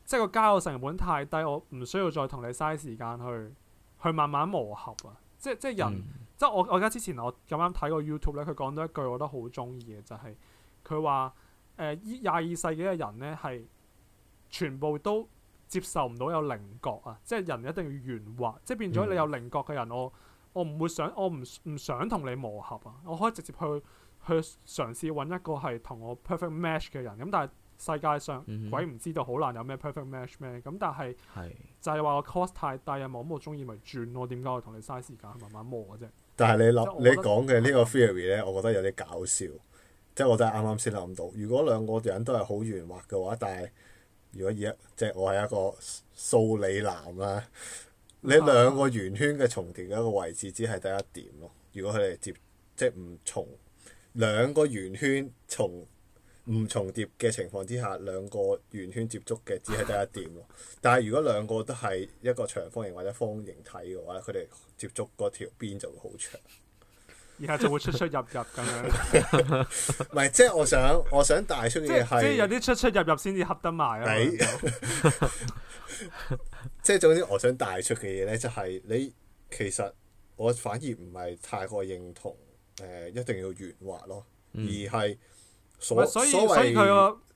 即係個交友成本太低，我唔需要再同你嘥時間去去慢慢磨合啊！即即係人、嗯、即我我而家之前我咁啱睇過 YouTube 咧，佢講到一句我都好中意嘅，就係佢話誒廿二世紀嘅人咧係全部都接受唔到有稜角啊！即係人一定要圓滑，即係變咗你有稜角嘅人、嗯、我。我唔會想，我唔唔想同你磨合啊！我可以直接去去嘗試揾一個係同我 perfect match 嘅人。咁但係世界上、嗯、哼鬼唔知道好難有咩 perfect match 咩？咁但係、嗯、哼就係話我 cost 太大啊！冇咁我中意咪轉咯？點解我同你嘥時間去慢慢磨啫、啊？但係你諗你講嘅呢個 theory 呢，我覺得有啲搞笑。即係、嗯、我真係啱啱先諗到，如果兩個人都係好圓滑嘅話，但係如果而即係我係一個數理男啦、啊。你兩個圓圈嘅重疊嘅一個位置，只係得一點咯。如果佢哋接，即係唔重，兩個圓圈重唔重疊嘅情況之下，兩個圓圈接觸嘅只係得一點咯。但係如果兩個都係一個長方形或者方形體嘅話，佢哋接觸嗰條邊就會好長。而家就會出出入入咁樣， [laughs] 唔係即係我想我想帶出嘅嘢係， [laughs] 即係有啲出出入入先至合得埋啊！ [laughs] [laughs] 即係總之我想帶出嘅嘢咧，就係你，其實我反而唔係太過認同誒、呃、一定要圓滑咯，而係所、嗯、所以所謂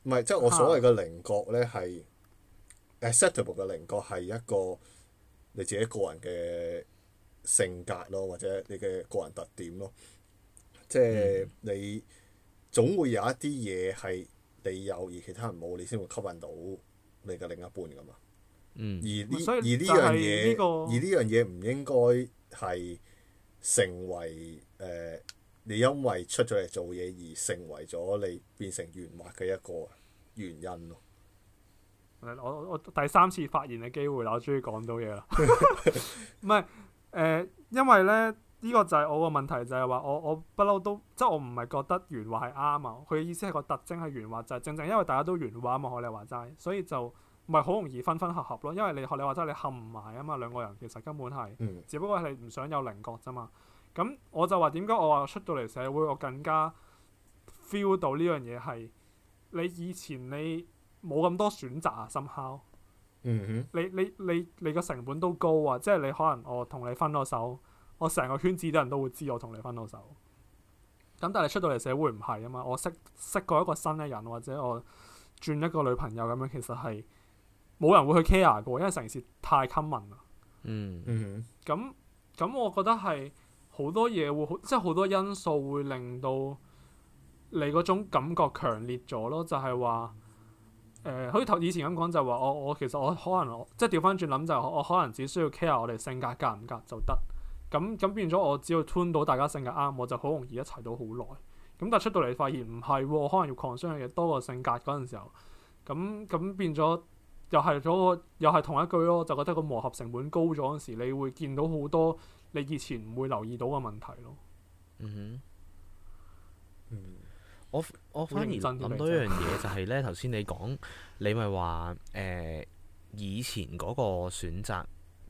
唔係，即係我所謂嘅稜角咧，係 acceptable 嘅稜角係一個你自己個人嘅。性格咯，或者你嘅個人特點咯，即係你總會有一啲嘢係你有而其他人冇，你先會吸引到你嘅另一半噶嘛。嗯。而呢這以而呢樣嘢而呢樣嘢唔應該係成為誒、呃、你因為出咗嚟做嘢而成為咗你變成圓滑嘅一個原因咯。我我第三次發言嘅機會啦，我終於講到嘢啦，唔 [laughs] 係是。 [laughs] 誒、呃，因為咧，依、這個就係我個問題，就係、是、話我我不嬲都，即係我唔係覺得圓滑係啱啊。佢嘅意思係個特徵係圓滑，就係、是、正正因為大家都圓滑啊嘛。學你話齋，所以就唔係好容易分分合合咯。因為你學你話齋，你合唔埋啊嘛。兩個人其實根本係，只不過係你唔想有稜角咋嘛。咁我就話點解我話出到嚟社會，我更加 feel 到呢樣嘢係你以前你冇咁多選擇啊，somehow。你你你你個成本都高啊！即係你可能我同你分咗手，我成個圈子啲人都會知我同你分咗手。咁但係出到嚟社會唔係啊嘛，我識識過一個新嘅人，或者我轉一個女朋友咁樣，其實係冇人會去 care 嘅，因為成件事太 common 啦。嗯，咁咁我覺得係好多嘢會，即係好多因素會令到你嗰種感覺強烈咗咯，就係話。誒好似頭以前咁講，就話我我，其實我可能我，即係調翻轉諗，就我、係、我可能只需要 care 我哋性格夾唔夾就得咁。咁變咗我只要揼到大家性格啱，我就好容易一齊到好耐咁，但係出到嚟發現唔係喎，可能要擴張嘅嘢多過性格嗰陣時候。咁咁變咗又係咗，又係同一句咯，就覺得個磨合成本高咗，嗰陣時你會見到好多你以前唔會留意到嘅問題咯。嗯哼。嗯。我我反而諗到一樣嘢，就係呢頭先你講，你咪話誒以前嗰個選擇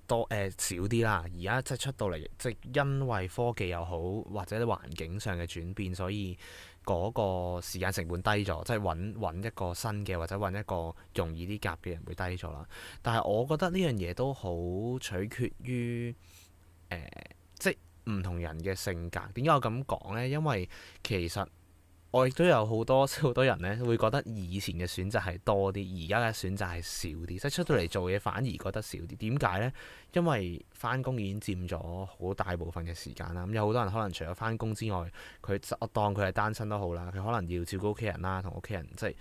多誒少啲啦。而家即係出到嚟，即因為科技又好或者啲環境上嘅轉變，所以嗰個時間成本低咗，即係揾一個新嘅或者揾一個容易啲夾嘅人會低咗啦。但係我覺得呢樣嘢都好取決於，呃，即唔同人嘅性格。點解我咁講呢？因為其實。我亦都有好多即好多人咧，會覺得以前嘅選擇係多啲，而家嘅選擇係少啲。即係出到嚟做嘢反而覺得少啲。點解呢？因為翻工已經佔咗好大部分嘅時間啦。咁有好多人可能除咗翻工之外，佢我當佢係單身都好啦，佢可能要照顧屋企人啦，同屋企人即係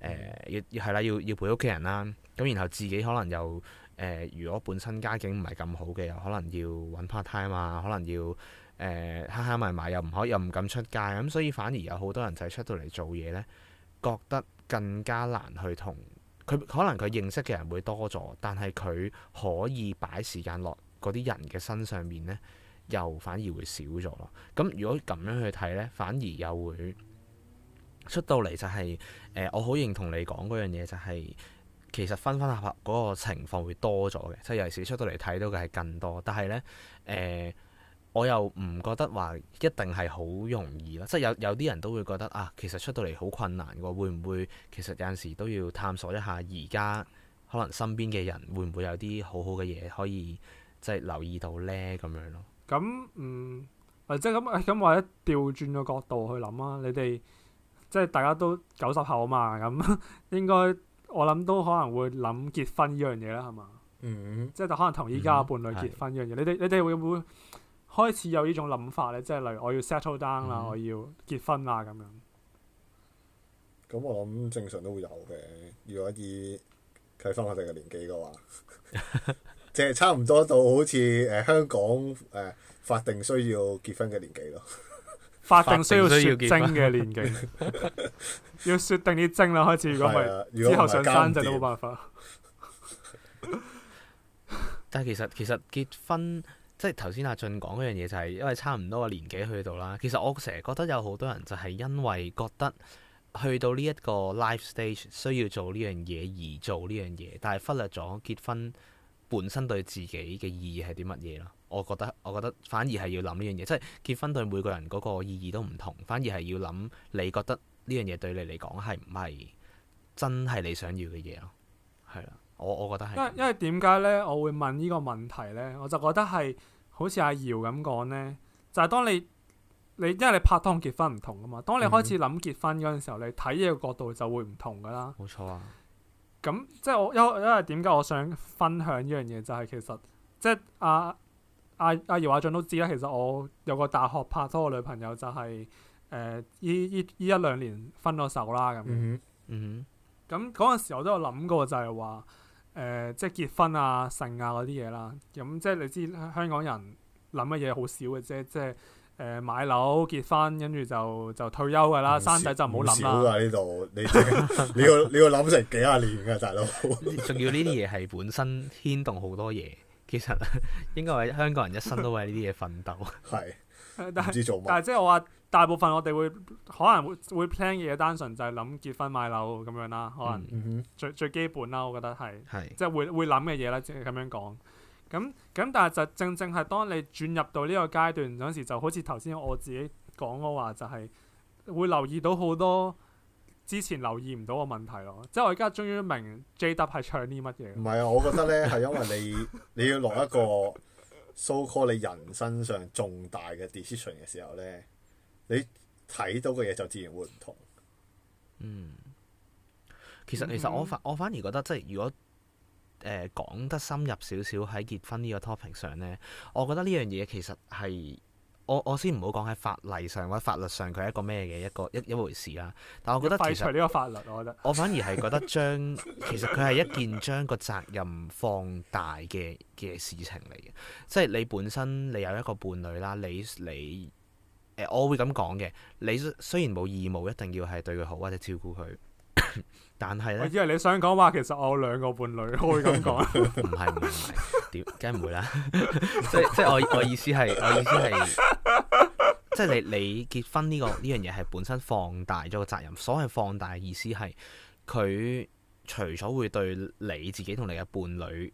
誒要要係啦，要要，要陪屋企人啦。咁然後自己可能又誒、呃，如果本身家境唔係咁好嘅，又可能要揾 part time 呀，可能要。誒，嚇嚇埋埋又唔可以，又唔敢出街，咁所以反而有好多人就係出到嚟做嘢呢，覺得更加難去同，佢可能佢認識嘅人會多咗，但係佢可以擺時間落嗰啲人嘅身上面呢，又反而會少咗咯。咁如果咁樣去睇呢，反而又會出到嚟就係、是、誒、呃，我好認同你講嗰樣嘢、就是，就係其實分分合合嗰、那個情況會多咗嘅，即、就、係、是、尤其是出到嚟睇到嘅係更多，但係呢誒。呃我又唔覺得話一定係好容易啦，即係有有啲人都會覺得啊，其實出到嚟好困難嘅，會唔會其實有陣時都要探索一下而家可能身邊嘅人會唔會有啲好好嘅嘢可以即係留意到呢？咁樣咯。咁嗯，即係咁咁，或者調轉個角度去諗啊，你哋即係大家都九十後啊嘛，咁應該我諗都可能會諗結婚呢樣嘢啦，係嘛？嗯，即係就可能同依家嘅伴侶結婚呢樣嘢，你哋你哋會唔會開始有呢種諗法咧，即係例如我要 settle down 啦，嗯、我要結婚啦咁樣。咁、嗯、我諗正常都會有嘅，如果以睇翻我哋嘅年紀嘅話， [laughs] 即係差唔多到好似誒、呃、香港誒法定需要結婚嘅年紀咯。法定需要結婚嘅年，年紀，要説 [laughs] 定啲精啦，開始如果唔係，之後想生就都冇辦法。但係其實其實結婚。即係頭先阿俊講嗰樣嘢就係因為差唔多個年紀去到啦，其實我成日覺得有好多人就係因為覺得去到呢一個 life stage 需要做呢樣嘢而做呢樣嘢，但係忽略咗結婚本身對自己嘅意義係啲乜嘢咯。我覺得我覺得反而係要諗呢樣嘢，即係結婚對每個人嗰個意義都唔同，反而係要諗你覺得呢樣嘢對你嚟講係唔係真係你想要嘅嘢咯。係啦，我我覺得係。因為因為點解咧？我會問呢個問題咧，我就覺得係。好似阿姚咁講咧，就係、是、當你你因為你拍拖同結婚唔同噶嘛，當你開始諗結婚嗰陣時候，嗯、你睇嘢角度就會唔同噶啦。冇錯啊。咁即係我因因為點解我想分享呢樣嘢，就係其實即係阿阿阿姚阿俊都知啦。其實我有個大學拍拖嘅女朋友、就是，就係誒依依依一兩年分咗手啦咁。咁嗰陣時我都有諗過就，就係話。誒、呃，即係結婚啊、剩啊嗰啲嘢啦，咁、嗯、即係你知香港人諗嘅嘢好少嘅啫，即係誒、呃、買樓結婚，跟住就就退休噶啦，少生仔就唔好諗啦。呢度、啊、你 [laughs] 你要你要諗成幾廿年噶、啊，大佬。仲要呢啲嘢係本身牽動好多嘢， [laughs] 其實應該係香港人一生都為呢啲嘢奮鬥。係。唔知做乜但係即係我話。大部分我哋會可能會會 plan 嘅嘢，單純就係諗結婚買樓咁樣啦，可能最、嗯、哼最基本啦，我覺得係，是即係會會諗嘅嘢啦，即係咁樣講。咁咁但係就正正係當你轉入到呢個階段嗰陣時，就好似頭先我自己講嗰話，就係、是、會留意到好多之前留意唔到嘅問題咯。即係我而家終於明 J W 係唱啲乜嘢。唔係啊，我覺得咧係因為你 [laughs] 你要落一個 so call 你人生上重大嘅 decision 嘅時候咧。你睇到嘅嘢就自然會唔同。嗯，其實，其實我反我反而覺得，即係如果誒講、呃、得深入少少喺結婚個呢個 topic 上咧，我覺得呢樣嘢其實係我我先唔好講喺法例上或者法律上佢係一個咩嘅一個一一一回事啦。但係我覺得其實呢個法律，我覺得我反而係覺得將 [laughs] 其實佢係一件將個責任放大嘅嘅事情嚟嘅，即係你本身你有一個伴侶啦，你你。你誒，我會咁講嘅。你雖然冇義務一定要係對佢好或者照顧佢， [laughs] 但係咧呢，因為你想講話，其實我有兩個伴侶，我會咁講。 [laughs] 唔係唔係唔係，點梗唔會啦。 [laughs] [laughs] 即即係我我意思係，我意思係，即係你你結婚呢、這個呢樣嘢係本身放大咗個責任。所謂放大嘅意思係，佢除咗會對你自己同你嘅伴侶，誒、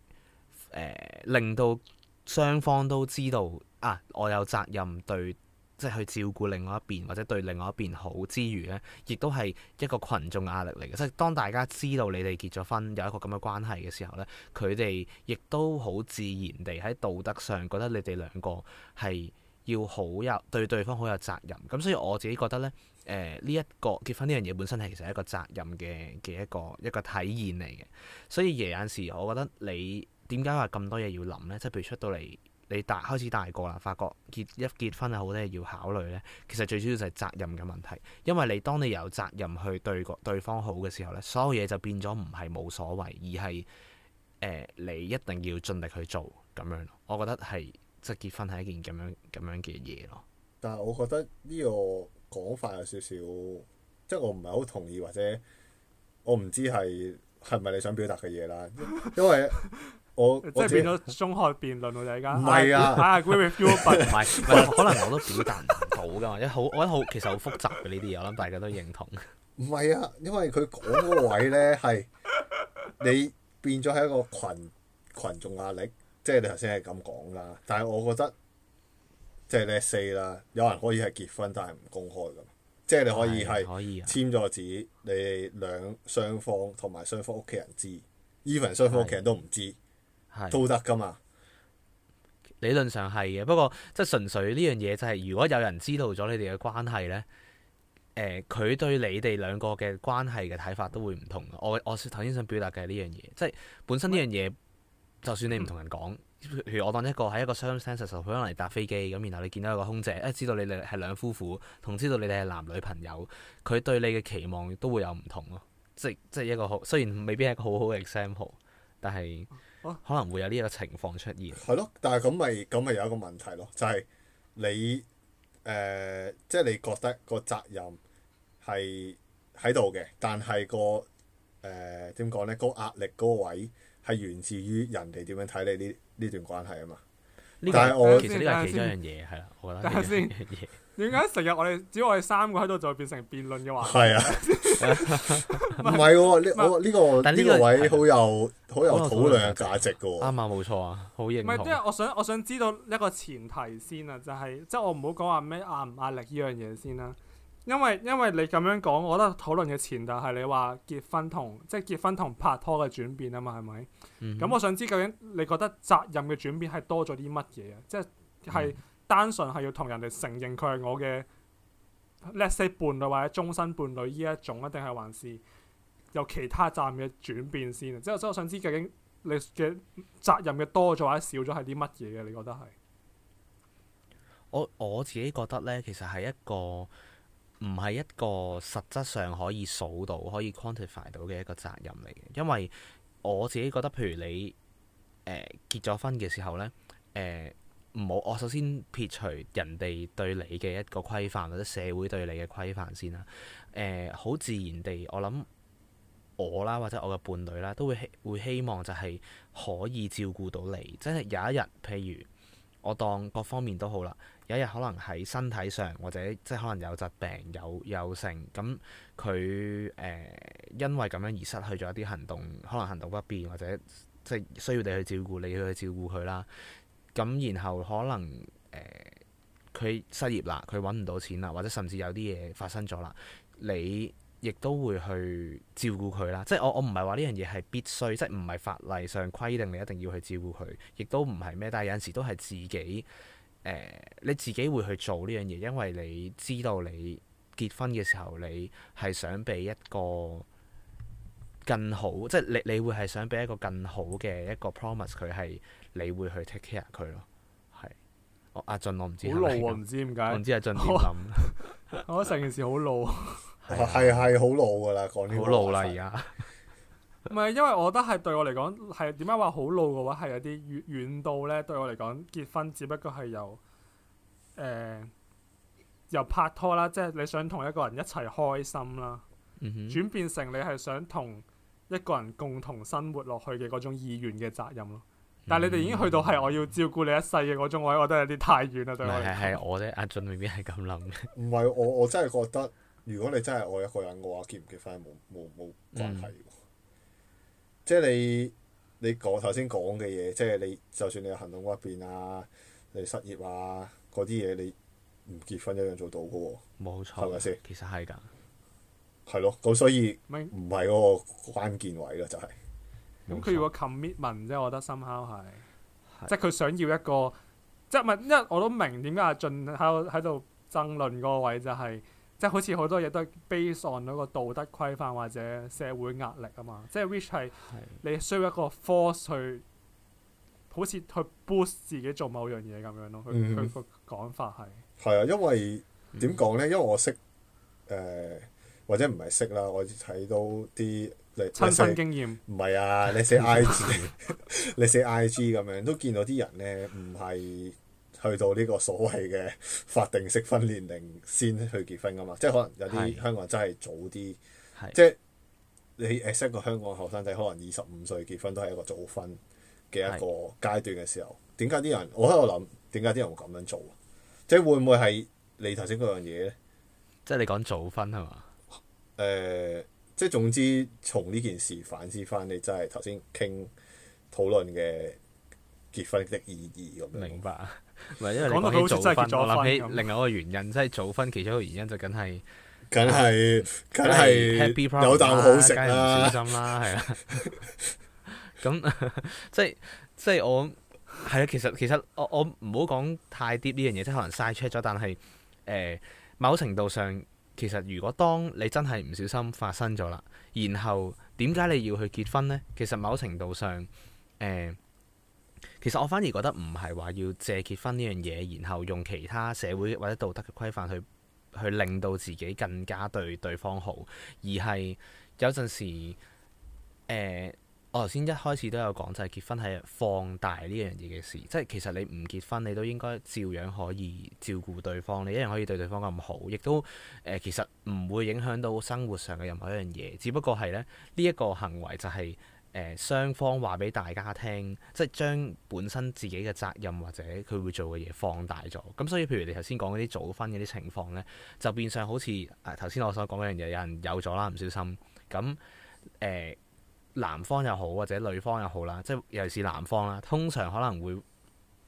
呃，令到雙方都知道啊，我有責任對。即係去照顧另外一邊，或者對另外一邊好之餘呢，亦都係一個群眾壓力嚟嘅。即係當大家知道你哋結咗婚，有一個咁嘅關係嘅時候呢，佢哋亦都好自然地喺道德上覺得你哋兩個係要好有對，對對方好有責任。咁所以我自己覺得呢，誒呢一個結婚呢樣嘢本身係其實係一個責任嘅嘅一個一個體驗嚟嘅。所以有陣時，我覺得你點解話咁多嘢要諗呢？即係譬如出到嚟。你大開始大個啦，發覺結一結婚係好多嘢要考慮呢。其實最主要就係責任嘅問題，因為你當你有責任去對個對方好嘅時候呢，所有嘢就變咗唔係冇所謂，而係誒、呃、你一定要盡力去做咁樣咯。我覺得係即係結婚係一件咁樣咁樣嘅嘢咯。但係我覺得呢個講法有少少，即係我唔係好同意，或者我唔知係係咪你想表達嘅嘢啦，因為。 [laughs] 我即係變咗中學辯論喎，而家唔係啊啊！Greatful，唔係唔係，可能我都表達唔到噶嘛，因為 [laughs] 好我覺得好其實好複雜嘅呢啲嘢， [laughs] 我諗大家都認同。唔係啊，因為佢講嗰個位咧係你變咗係一個羣羣 [laughs] 眾壓力，即係你頭先係咁講啦。但係我覺得即係 let say 啦，有人可以係結婚但係唔公開噶嘛，即係你可以係簽咗紙，你兩雙方同埋雙方屋企人知，even 雙方屋企人，人，人，人，人都唔知。都得㗎嘛？理論上係嘅，不過即係純粹呢樣嘢就係、是，如果有人知道咗你哋嘅關係呢，誒、呃，佢對你哋兩個嘅關係嘅睇法都會唔同。我我頭先想表達嘅係呢樣嘢，即係本身呢樣嘢，嗯、就算你唔同人講，譬如我當一個喺一個商艙實實，佢可能嚟搭飛機咁，然後你見到一個空姐，一知道你哋係兩夫婦，同知道你哋係男女朋友，佢對你嘅期望都會有唔同咯。即係即係一個好，雖然未必係一個好好嘅 example，但係。嗯。可能會有呢個情況出現。係咯，但係咁咪咁咪有一個問題咯，就係、係、你誒，即、呃、係、就係、你覺得個責任係喺度嘅，但係、個誒點講咧？呃，個壓力嗰位係源自於人哋點樣睇你呢呢段關係啊嘛。呢、呢個但我其實都係其中一樣嘢，係啦。但係先。算 [laughs] 點解成日我哋只要我哋三個喺度就會變成辯論嘅話？係啊，唔係喎呢？我呢個呢個位好有好有討論嘅價值嘅喎。啱啊，冇錯啊，好認同唔係，即係我想我想知道一個前提先啊，就係即係我唔好講話咩壓唔壓力呢樣嘢先啦、啊。因為因為你咁樣講，我覺得討論嘅前提係你話結婚同即係結婚同拍拖嘅轉變啊嘛，係咪？咁、嗯、哼我想知究竟你覺得責任嘅轉變係多咗啲乜嘢啊？即、就、係、是。嗯單純係要同人哋承認佢係我嘅 Let's say 伴侶或者終身伴侶呢一種啊，定係還是有其他責任嘅轉變先？即係所以我想知，究竟你嘅責任嘅多咗或者少咗係啲乜嘢嘅？你覺得係？我我自己覺得呢，其實係一個唔係一個實質上可以數到、可以 quantify 到嘅一個責任嚟嘅，因為我自己覺得，譬如你誒、呃、結咗婚嘅時候呢。誒、呃。唔好，我首先撇除人哋對你嘅一個規範，或者社會對你嘅規範先啦。誒、呃，好自然地，我諗我啦，或者我嘅伴侶啦，都會希會希望就係可以照顧到你。即係有一日，譬如我當各方面都好啦，有一日可能喺身體上或者即係可能有疾病有有成，咁佢誒，因為咁樣而失去咗一啲行動，可能行動不便或者即係需要你去照顧，你要去照顧佢啦。咁然後可能誒佢、呃、失業啦，佢揾唔到錢啦，或者甚至有啲嘢發生咗啦，你亦都會去照顧佢啦。即係我我唔係話呢樣嘢係必須，即係唔係法例上規定你一定要去照顧佢，亦都唔係咩。但係有陣時都係自己誒、呃，你自己會去做呢樣嘢，因為你知道你結婚嘅時候，你係想俾一個更好，即係你你會係想俾一個更好嘅一個 promise，佢係。你會去 take care 佢咯，係。啊、進我，是是、啊、我阿俊，我唔知好老唔知點解。我唔知阿俊點諗。我覺得成件事好老、啊啊。係係好老㗎啦，講呢個。好老啦，而家。唔係，因為我覺得係對我嚟講係點解話好老嘅話，係有啲遠遠到咧。對我嚟講，結婚只不過係由誒、呃、由拍拖啦，即、就、係、是、你想同一個人一齊開心啦，嗯、哼轉變成你係想同一個人共同生活落去嘅嗰種意願嘅責任咯。但係你哋已經去到係我要照顧你一世嘅嗰種位，我覺得有啲太遠啦，對我嚟講。係我哋阿俊未必係咁諗。唔係，我我真係覺得，如果你真係愛一個人嘅話，結唔結婚冇冇冇關係嘅、嗯。即係你你講頭先講嘅嘢，即係你就算你有行動不便啊，你失業啊嗰啲嘢，你唔結婚一樣做到嘅喎、啊。冇錯。係咪先？其實係㗎。係咯，咁所以唔係嗰個關鍵位咯，就係、是。咁佢如果 commitment 即係，我覺得深刻係，是即係佢想要一個，即係唔因為我都明點解阿俊喺喺度爭論個位就係、是，即係好似好多嘢都係 based on 嗰個道德規範或者社會壓力啊嘛，即係 which 係你需要一個 force 去，好似是去 boost 自己做某樣嘢咁樣咯，佢佢個講法係。係啊，因為點講咧？因為我識誒、呃，或者唔係識啦，我睇到啲。親身經驗唔係啊！你寫 IG， [laughs] [laughs] 你寫 IG 咁樣都見到啲人咧，唔係去到呢個所謂嘅法定適婚年齡先去結婚噶嘛？即係可能有啲香港人真係早啲，是即係你誒識個香港後生仔，可能二十五歲結婚都係一個早婚嘅一個階段嘅時候。點解啲人我喺度諗？點解啲人會咁樣做啊？即係會唔會係你頭先嗰樣嘢咧？即係你講早婚係嘛？誒。呃即係總之，從呢件事反思翻，你真係頭先傾討論嘅結婚嘅意義咁。明白。唔係，因為講到早婚，我諗起另外一個原因，即係早婚。其中一個原因就梗、係、係，梗係梗係有啖好食啦，唔小心啦，係啊。 [laughs] [laughs] [laughs] 咁即係即係我係啊！其實其實我我唔好講太 deep 呢樣嘢，即係可能晒 check 咗，但係誒、呃、某程度上。其實，如果當你真係唔小心發生咗啦，然後點解你要去結婚呢？其實某程度上，誒、呃，其實我反而覺得唔係話要借結婚呢樣嘢，然後用其他社會或者道德嘅規範去去令到自己更加對對方好，而係有陣時誒。呃我頭先一開始都有講，就係、是、結婚係放大呢樣嘢嘅事，即係其實你唔結婚，你都應該照樣可以照顧對方，你一樣可以對對方咁好，亦都誒、呃、其實唔會影響到生活上嘅任何一樣嘢，只不過係咧呢一、這個行為就係、是、誒、呃、雙方話俾大家聽，即係將本身自己嘅責任或者佢會做嘅嘢放大咗。咁所以譬如你頭先講嗰啲早婚嗰啲情況咧，就變相好似啊頭先我所講嗰樣嘢，有人有咗啦，唔小心咁誒。男方又好或者女方又好啦，即係尤其是男方啦，通常可能會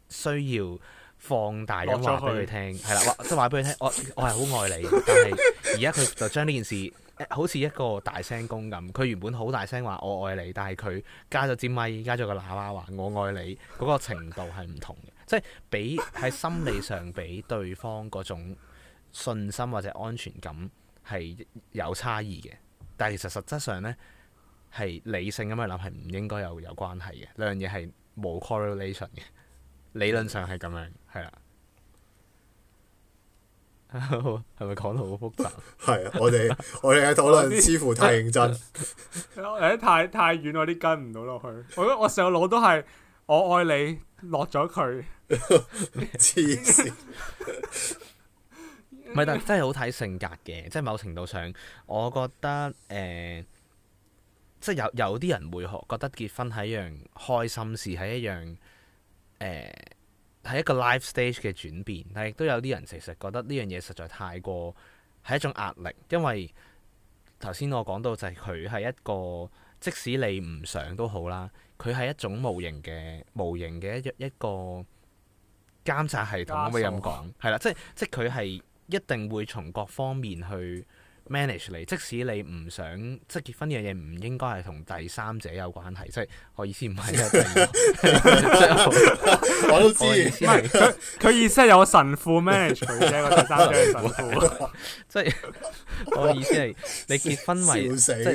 需要放大音量話俾佢聽，係啦，即係話俾佢聽，我、就是、我係好愛你，但係而家佢就將呢件事，好似一個大聲公咁，佢原本好大聲話我愛你，但係佢加咗支咪，加咗個喇叭話我愛你，嗰、那個程度係唔同嘅， [laughs] 即係俾喺心理上俾對方嗰種信心或者安全感係有差異嘅，但係其實實質上咧。係理性咁去諗，係唔應該有有關係嘅兩樣嘢係冇 correlation 嘅，理論上係咁樣係啦。係咪講得好複雜？係啊， [laughs] 我哋我哋嘅討論似乎太認真，誒太太遠，我啲跟唔到落去。我覺得我成個腦都係我愛你，落咗佢。黐線。唔係，但真係好睇性格嘅，即係某程度上，我覺得誒。呃即係有有啲人會學覺得結婚係一樣開心事，係一樣誒，係、呃、一個 life stage 嘅轉變。但係亦都有啲人其實覺得呢樣嘢實在太過係一種壓力，因為頭先我講到就係佢係一個，即使你唔想都好啦，佢係一種無形嘅無形嘅一一,一個監察系統，可唔屬可以咁講？係啦，即係即係佢係一定會從各方面去。manage 你，即使你唔想，即係結婚呢樣嘢唔應該係同第三者有關係。即係我意思唔係我，我都知。佢佢意思係有神父 manage 佢啫，個第三者係神父。即係我意思係你結婚為，即係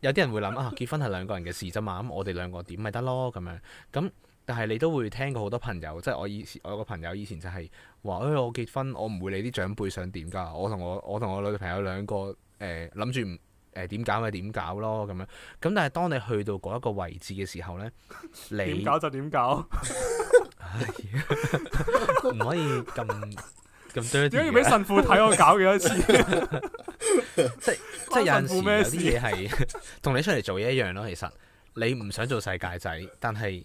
有啲人會諗啊，結婚係兩個人嘅事啫嘛，咁我哋兩個點咪得咯咁樣咁。但係你都會聽過好多朋友，即係我以前我有個朋友以前就係話，誒、哎、我結婚我唔會理啲長輩想點㗎，我同我我同我女朋友兩個誒諗住誒點搞咪點搞咯咁樣。咁但係當你去到嗰一個位置嘅時候咧，你點搞就點搞，唔 [laughs] [laughs] 可以咁咁點解要俾神父睇我搞幾多次？ [laughs] [laughs] 即關神父即有陣時有啲嘢係同你出嚟做嘢一樣咯。其實你唔想做世界仔，但係。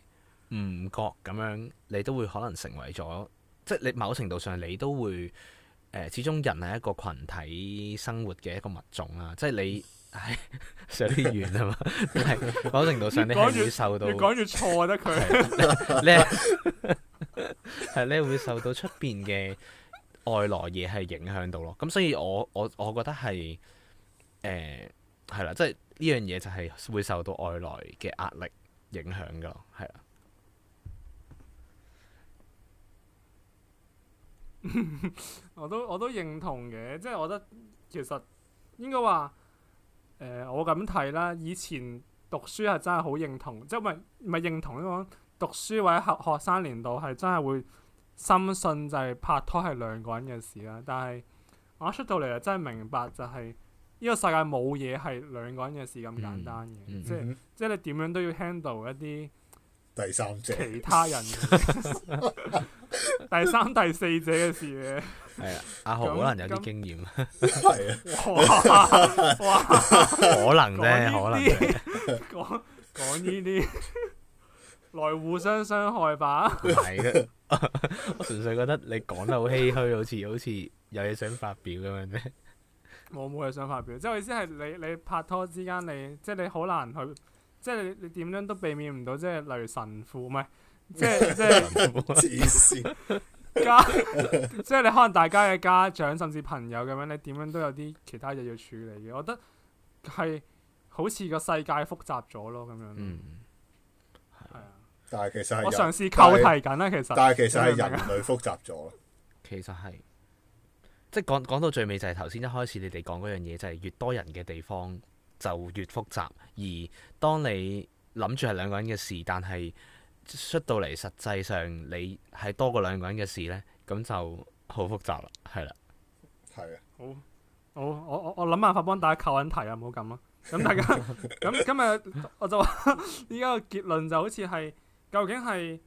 唔覺咁樣，你都會可能成為咗，即係你某程度上你都會，誒、呃，始終人係一個群體生活嘅一個物種啊，即係你，唉、哎，上天怨啊嘛，係， [laughs] 某程度上你係會受到，越講越錯得佢，咧 [laughs] 係 [laughs] 你會受到出邊嘅外來嘢係影響到咯，咁所以我我我覺得係，誒、呃，係啦，即係呢樣嘢就係、是、會受到外來嘅壓力影響噶，係啦。 [laughs] 我都我都認同嘅，即係我覺得其實應該話，誒，我咁睇啦，以前讀書係真係好認同，即係咪咪認同呢種讀書位學學生年度係真係會深信，就係拍拖係兩個人嘅事啦。但係我一出到嚟啊，真係明白就係呢個世界冇嘢係兩個人嘅事咁簡單嘅，mm hmm. 即係、mm hmm. 即係你點樣都要 handle 一啲。第三者，其他人，第三、第四者嘅事係啊，阿豪可能有啲經驗，係啊，可能啫，可能講講呢啲，來互相傷害吧。唔係嘅，我純粹覺得你講得好唏噓，好似好似有嘢想發表咁樣啫。我冇嘢想發表，即係我意思係你你拍拖之間，你即係你好難去。即係你你點樣都避免唔到，即係例如神父唔係，即係即係神父，即係你可能大家嘅家長甚至朋友咁樣，你點樣都有啲其他嘢要處理嘅。我覺得係好似個世界複雜咗咯，咁樣。係啊、嗯，的但係其實我嘗試舊題緊啦，其實但係其實係人類複雜咗其實係即係講講到最尾就係頭先一開始你哋講嗰樣嘢，就係、是、越多人嘅地方。就越複雜，而當你諗住係兩個人嘅事，但係出到嚟實際上你係多過兩個人嘅事呢，咁就好複雜啦，係啦，係啊的，好，我我我諗辦法幫大家扣緊題啊，唔好咁啊，咁大家，咁、 [laughs] 嗯、今日我就話依家個結論就好似係究竟係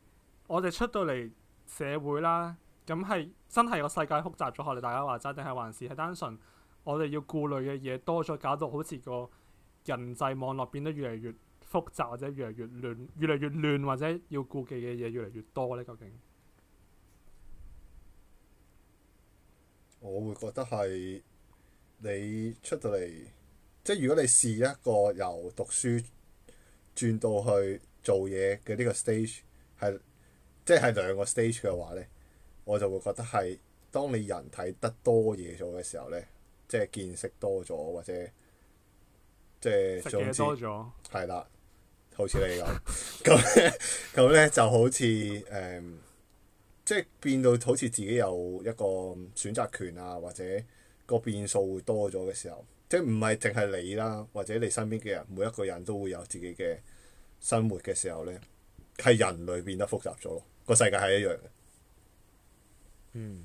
我哋出到嚟社會啦，咁係真係個世界複雜咗，我哋大家話齋，定係還是係單純我哋要顧慮嘅嘢多咗，搞到好似個。人際網絡變得越嚟越複雜，或者越嚟越亂，越嚟越亂，或者要顧忌嘅嘢越嚟越多咧。究竟我會覺得係你出到嚟，即係如果你試一個由讀書轉到去做嘢嘅呢個 stage 係，即係兩個 stage 嘅話呢，我就會覺得係當你人睇得多嘢咗嘅時候呢，即係見識多咗或者。即係多咗，係啦，好似你講咁咁咧，就好似誒，即係變到好似自己有一個選擇權啊，或者個變數會多咗嘅時候，即係唔係淨係你啦，或者你身邊嘅人，每一個人都會有自己嘅生活嘅時候咧，係人類變得複雜咗咯，個世界係一樣嘅。嗯。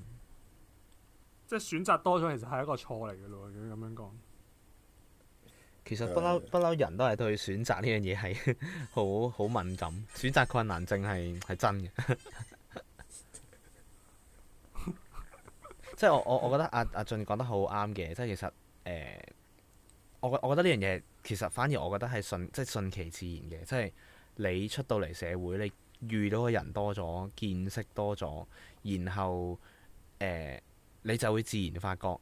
即係選擇多咗，其實係一個錯嚟嘅咯，如果咁樣講。其實不嬲不嬲，人都係對選擇呢樣嘢係好好敏感，選擇困難症係係真嘅。 [laughs] [laughs] [laughs] 即係我我我覺得阿阿俊講得好啱嘅，即係其實誒、呃，我覺我覺得呢樣嘢其實反而我覺得係順即係順其自然嘅，即係你出到嚟社會，你遇到嘅人多咗，見識多咗，然後誒、呃、你就會自然發覺。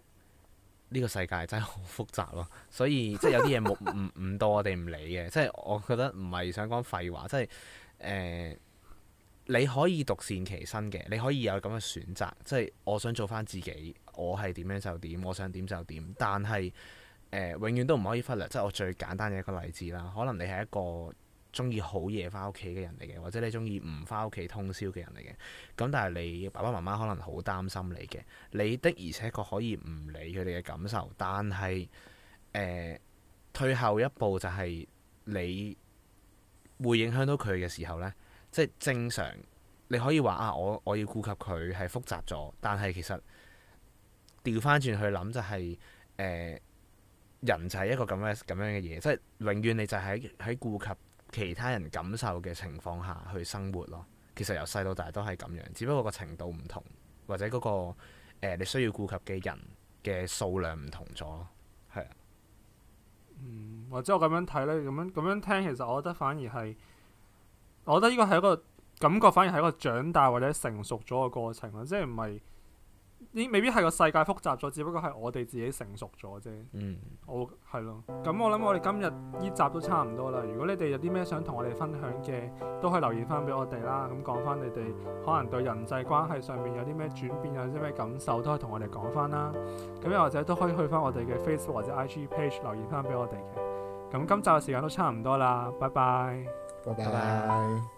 呢個世界真係好複雜咯，所以即係有啲嘢冇唔唔到我哋唔理嘅，即係我覺得唔係想講廢話，即係誒、呃、你可以獨善其身嘅，你可以有咁嘅選擇，即係我想做返自己，我係點樣就點，我想點就點，但係、呃、永遠都唔可以忽略，即係我最簡單嘅一個例子啦，可能你係一個。中意好夜返屋企嘅人嚟嘅，或者你中意唔返屋企通宵嘅人嚟嘅。咁但係你爸爸媽媽可能好擔心你嘅。你的而且確可以唔理佢哋嘅感受，但係、呃、退後一步就係你會影響到佢嘅時候呢。即係正常你可以話啊，我我要顧及佢係複雜咗。但係其實調翻轉去諗就係、呃、人就係一個咁嘅咁樣嘅嘢，即係永遠你就係喺顧及。其他人感受嘅情況下去生活咯，其實由細到大都係咁樣，只不過個程度唔同，或者嗰個、呃、你需要顧及嘅人嘅數量唔同咗咯，係啊、嗯。或者我咁樣睇呢，咁樣咁樣聽，其實我覺得反而係，我覺得呢個係一個感覺，反而係一個長大或者成熟咗嘅過程咯，即係唔係。未必係個世界複雜咗，只不過係我哋自己成熟咗啫。嗯，我係咯。咁我諗我哋今日呢集都差唔多啦。如果你哋有啲咩想同我哋分享嘅，都可以留言翻俾我哋啦。咁講翻你哋可能對人際關係上面有啲咩轉變，有啲咩感受，都可以同我哋講翻啦。咁又或者都可以去翻我哋嘅 Facebook 或者 IG page 留言翻俾我哋嘅。咁今集嘅時間都差唔多啦，拜拜，拜拜 bye。Bye bye。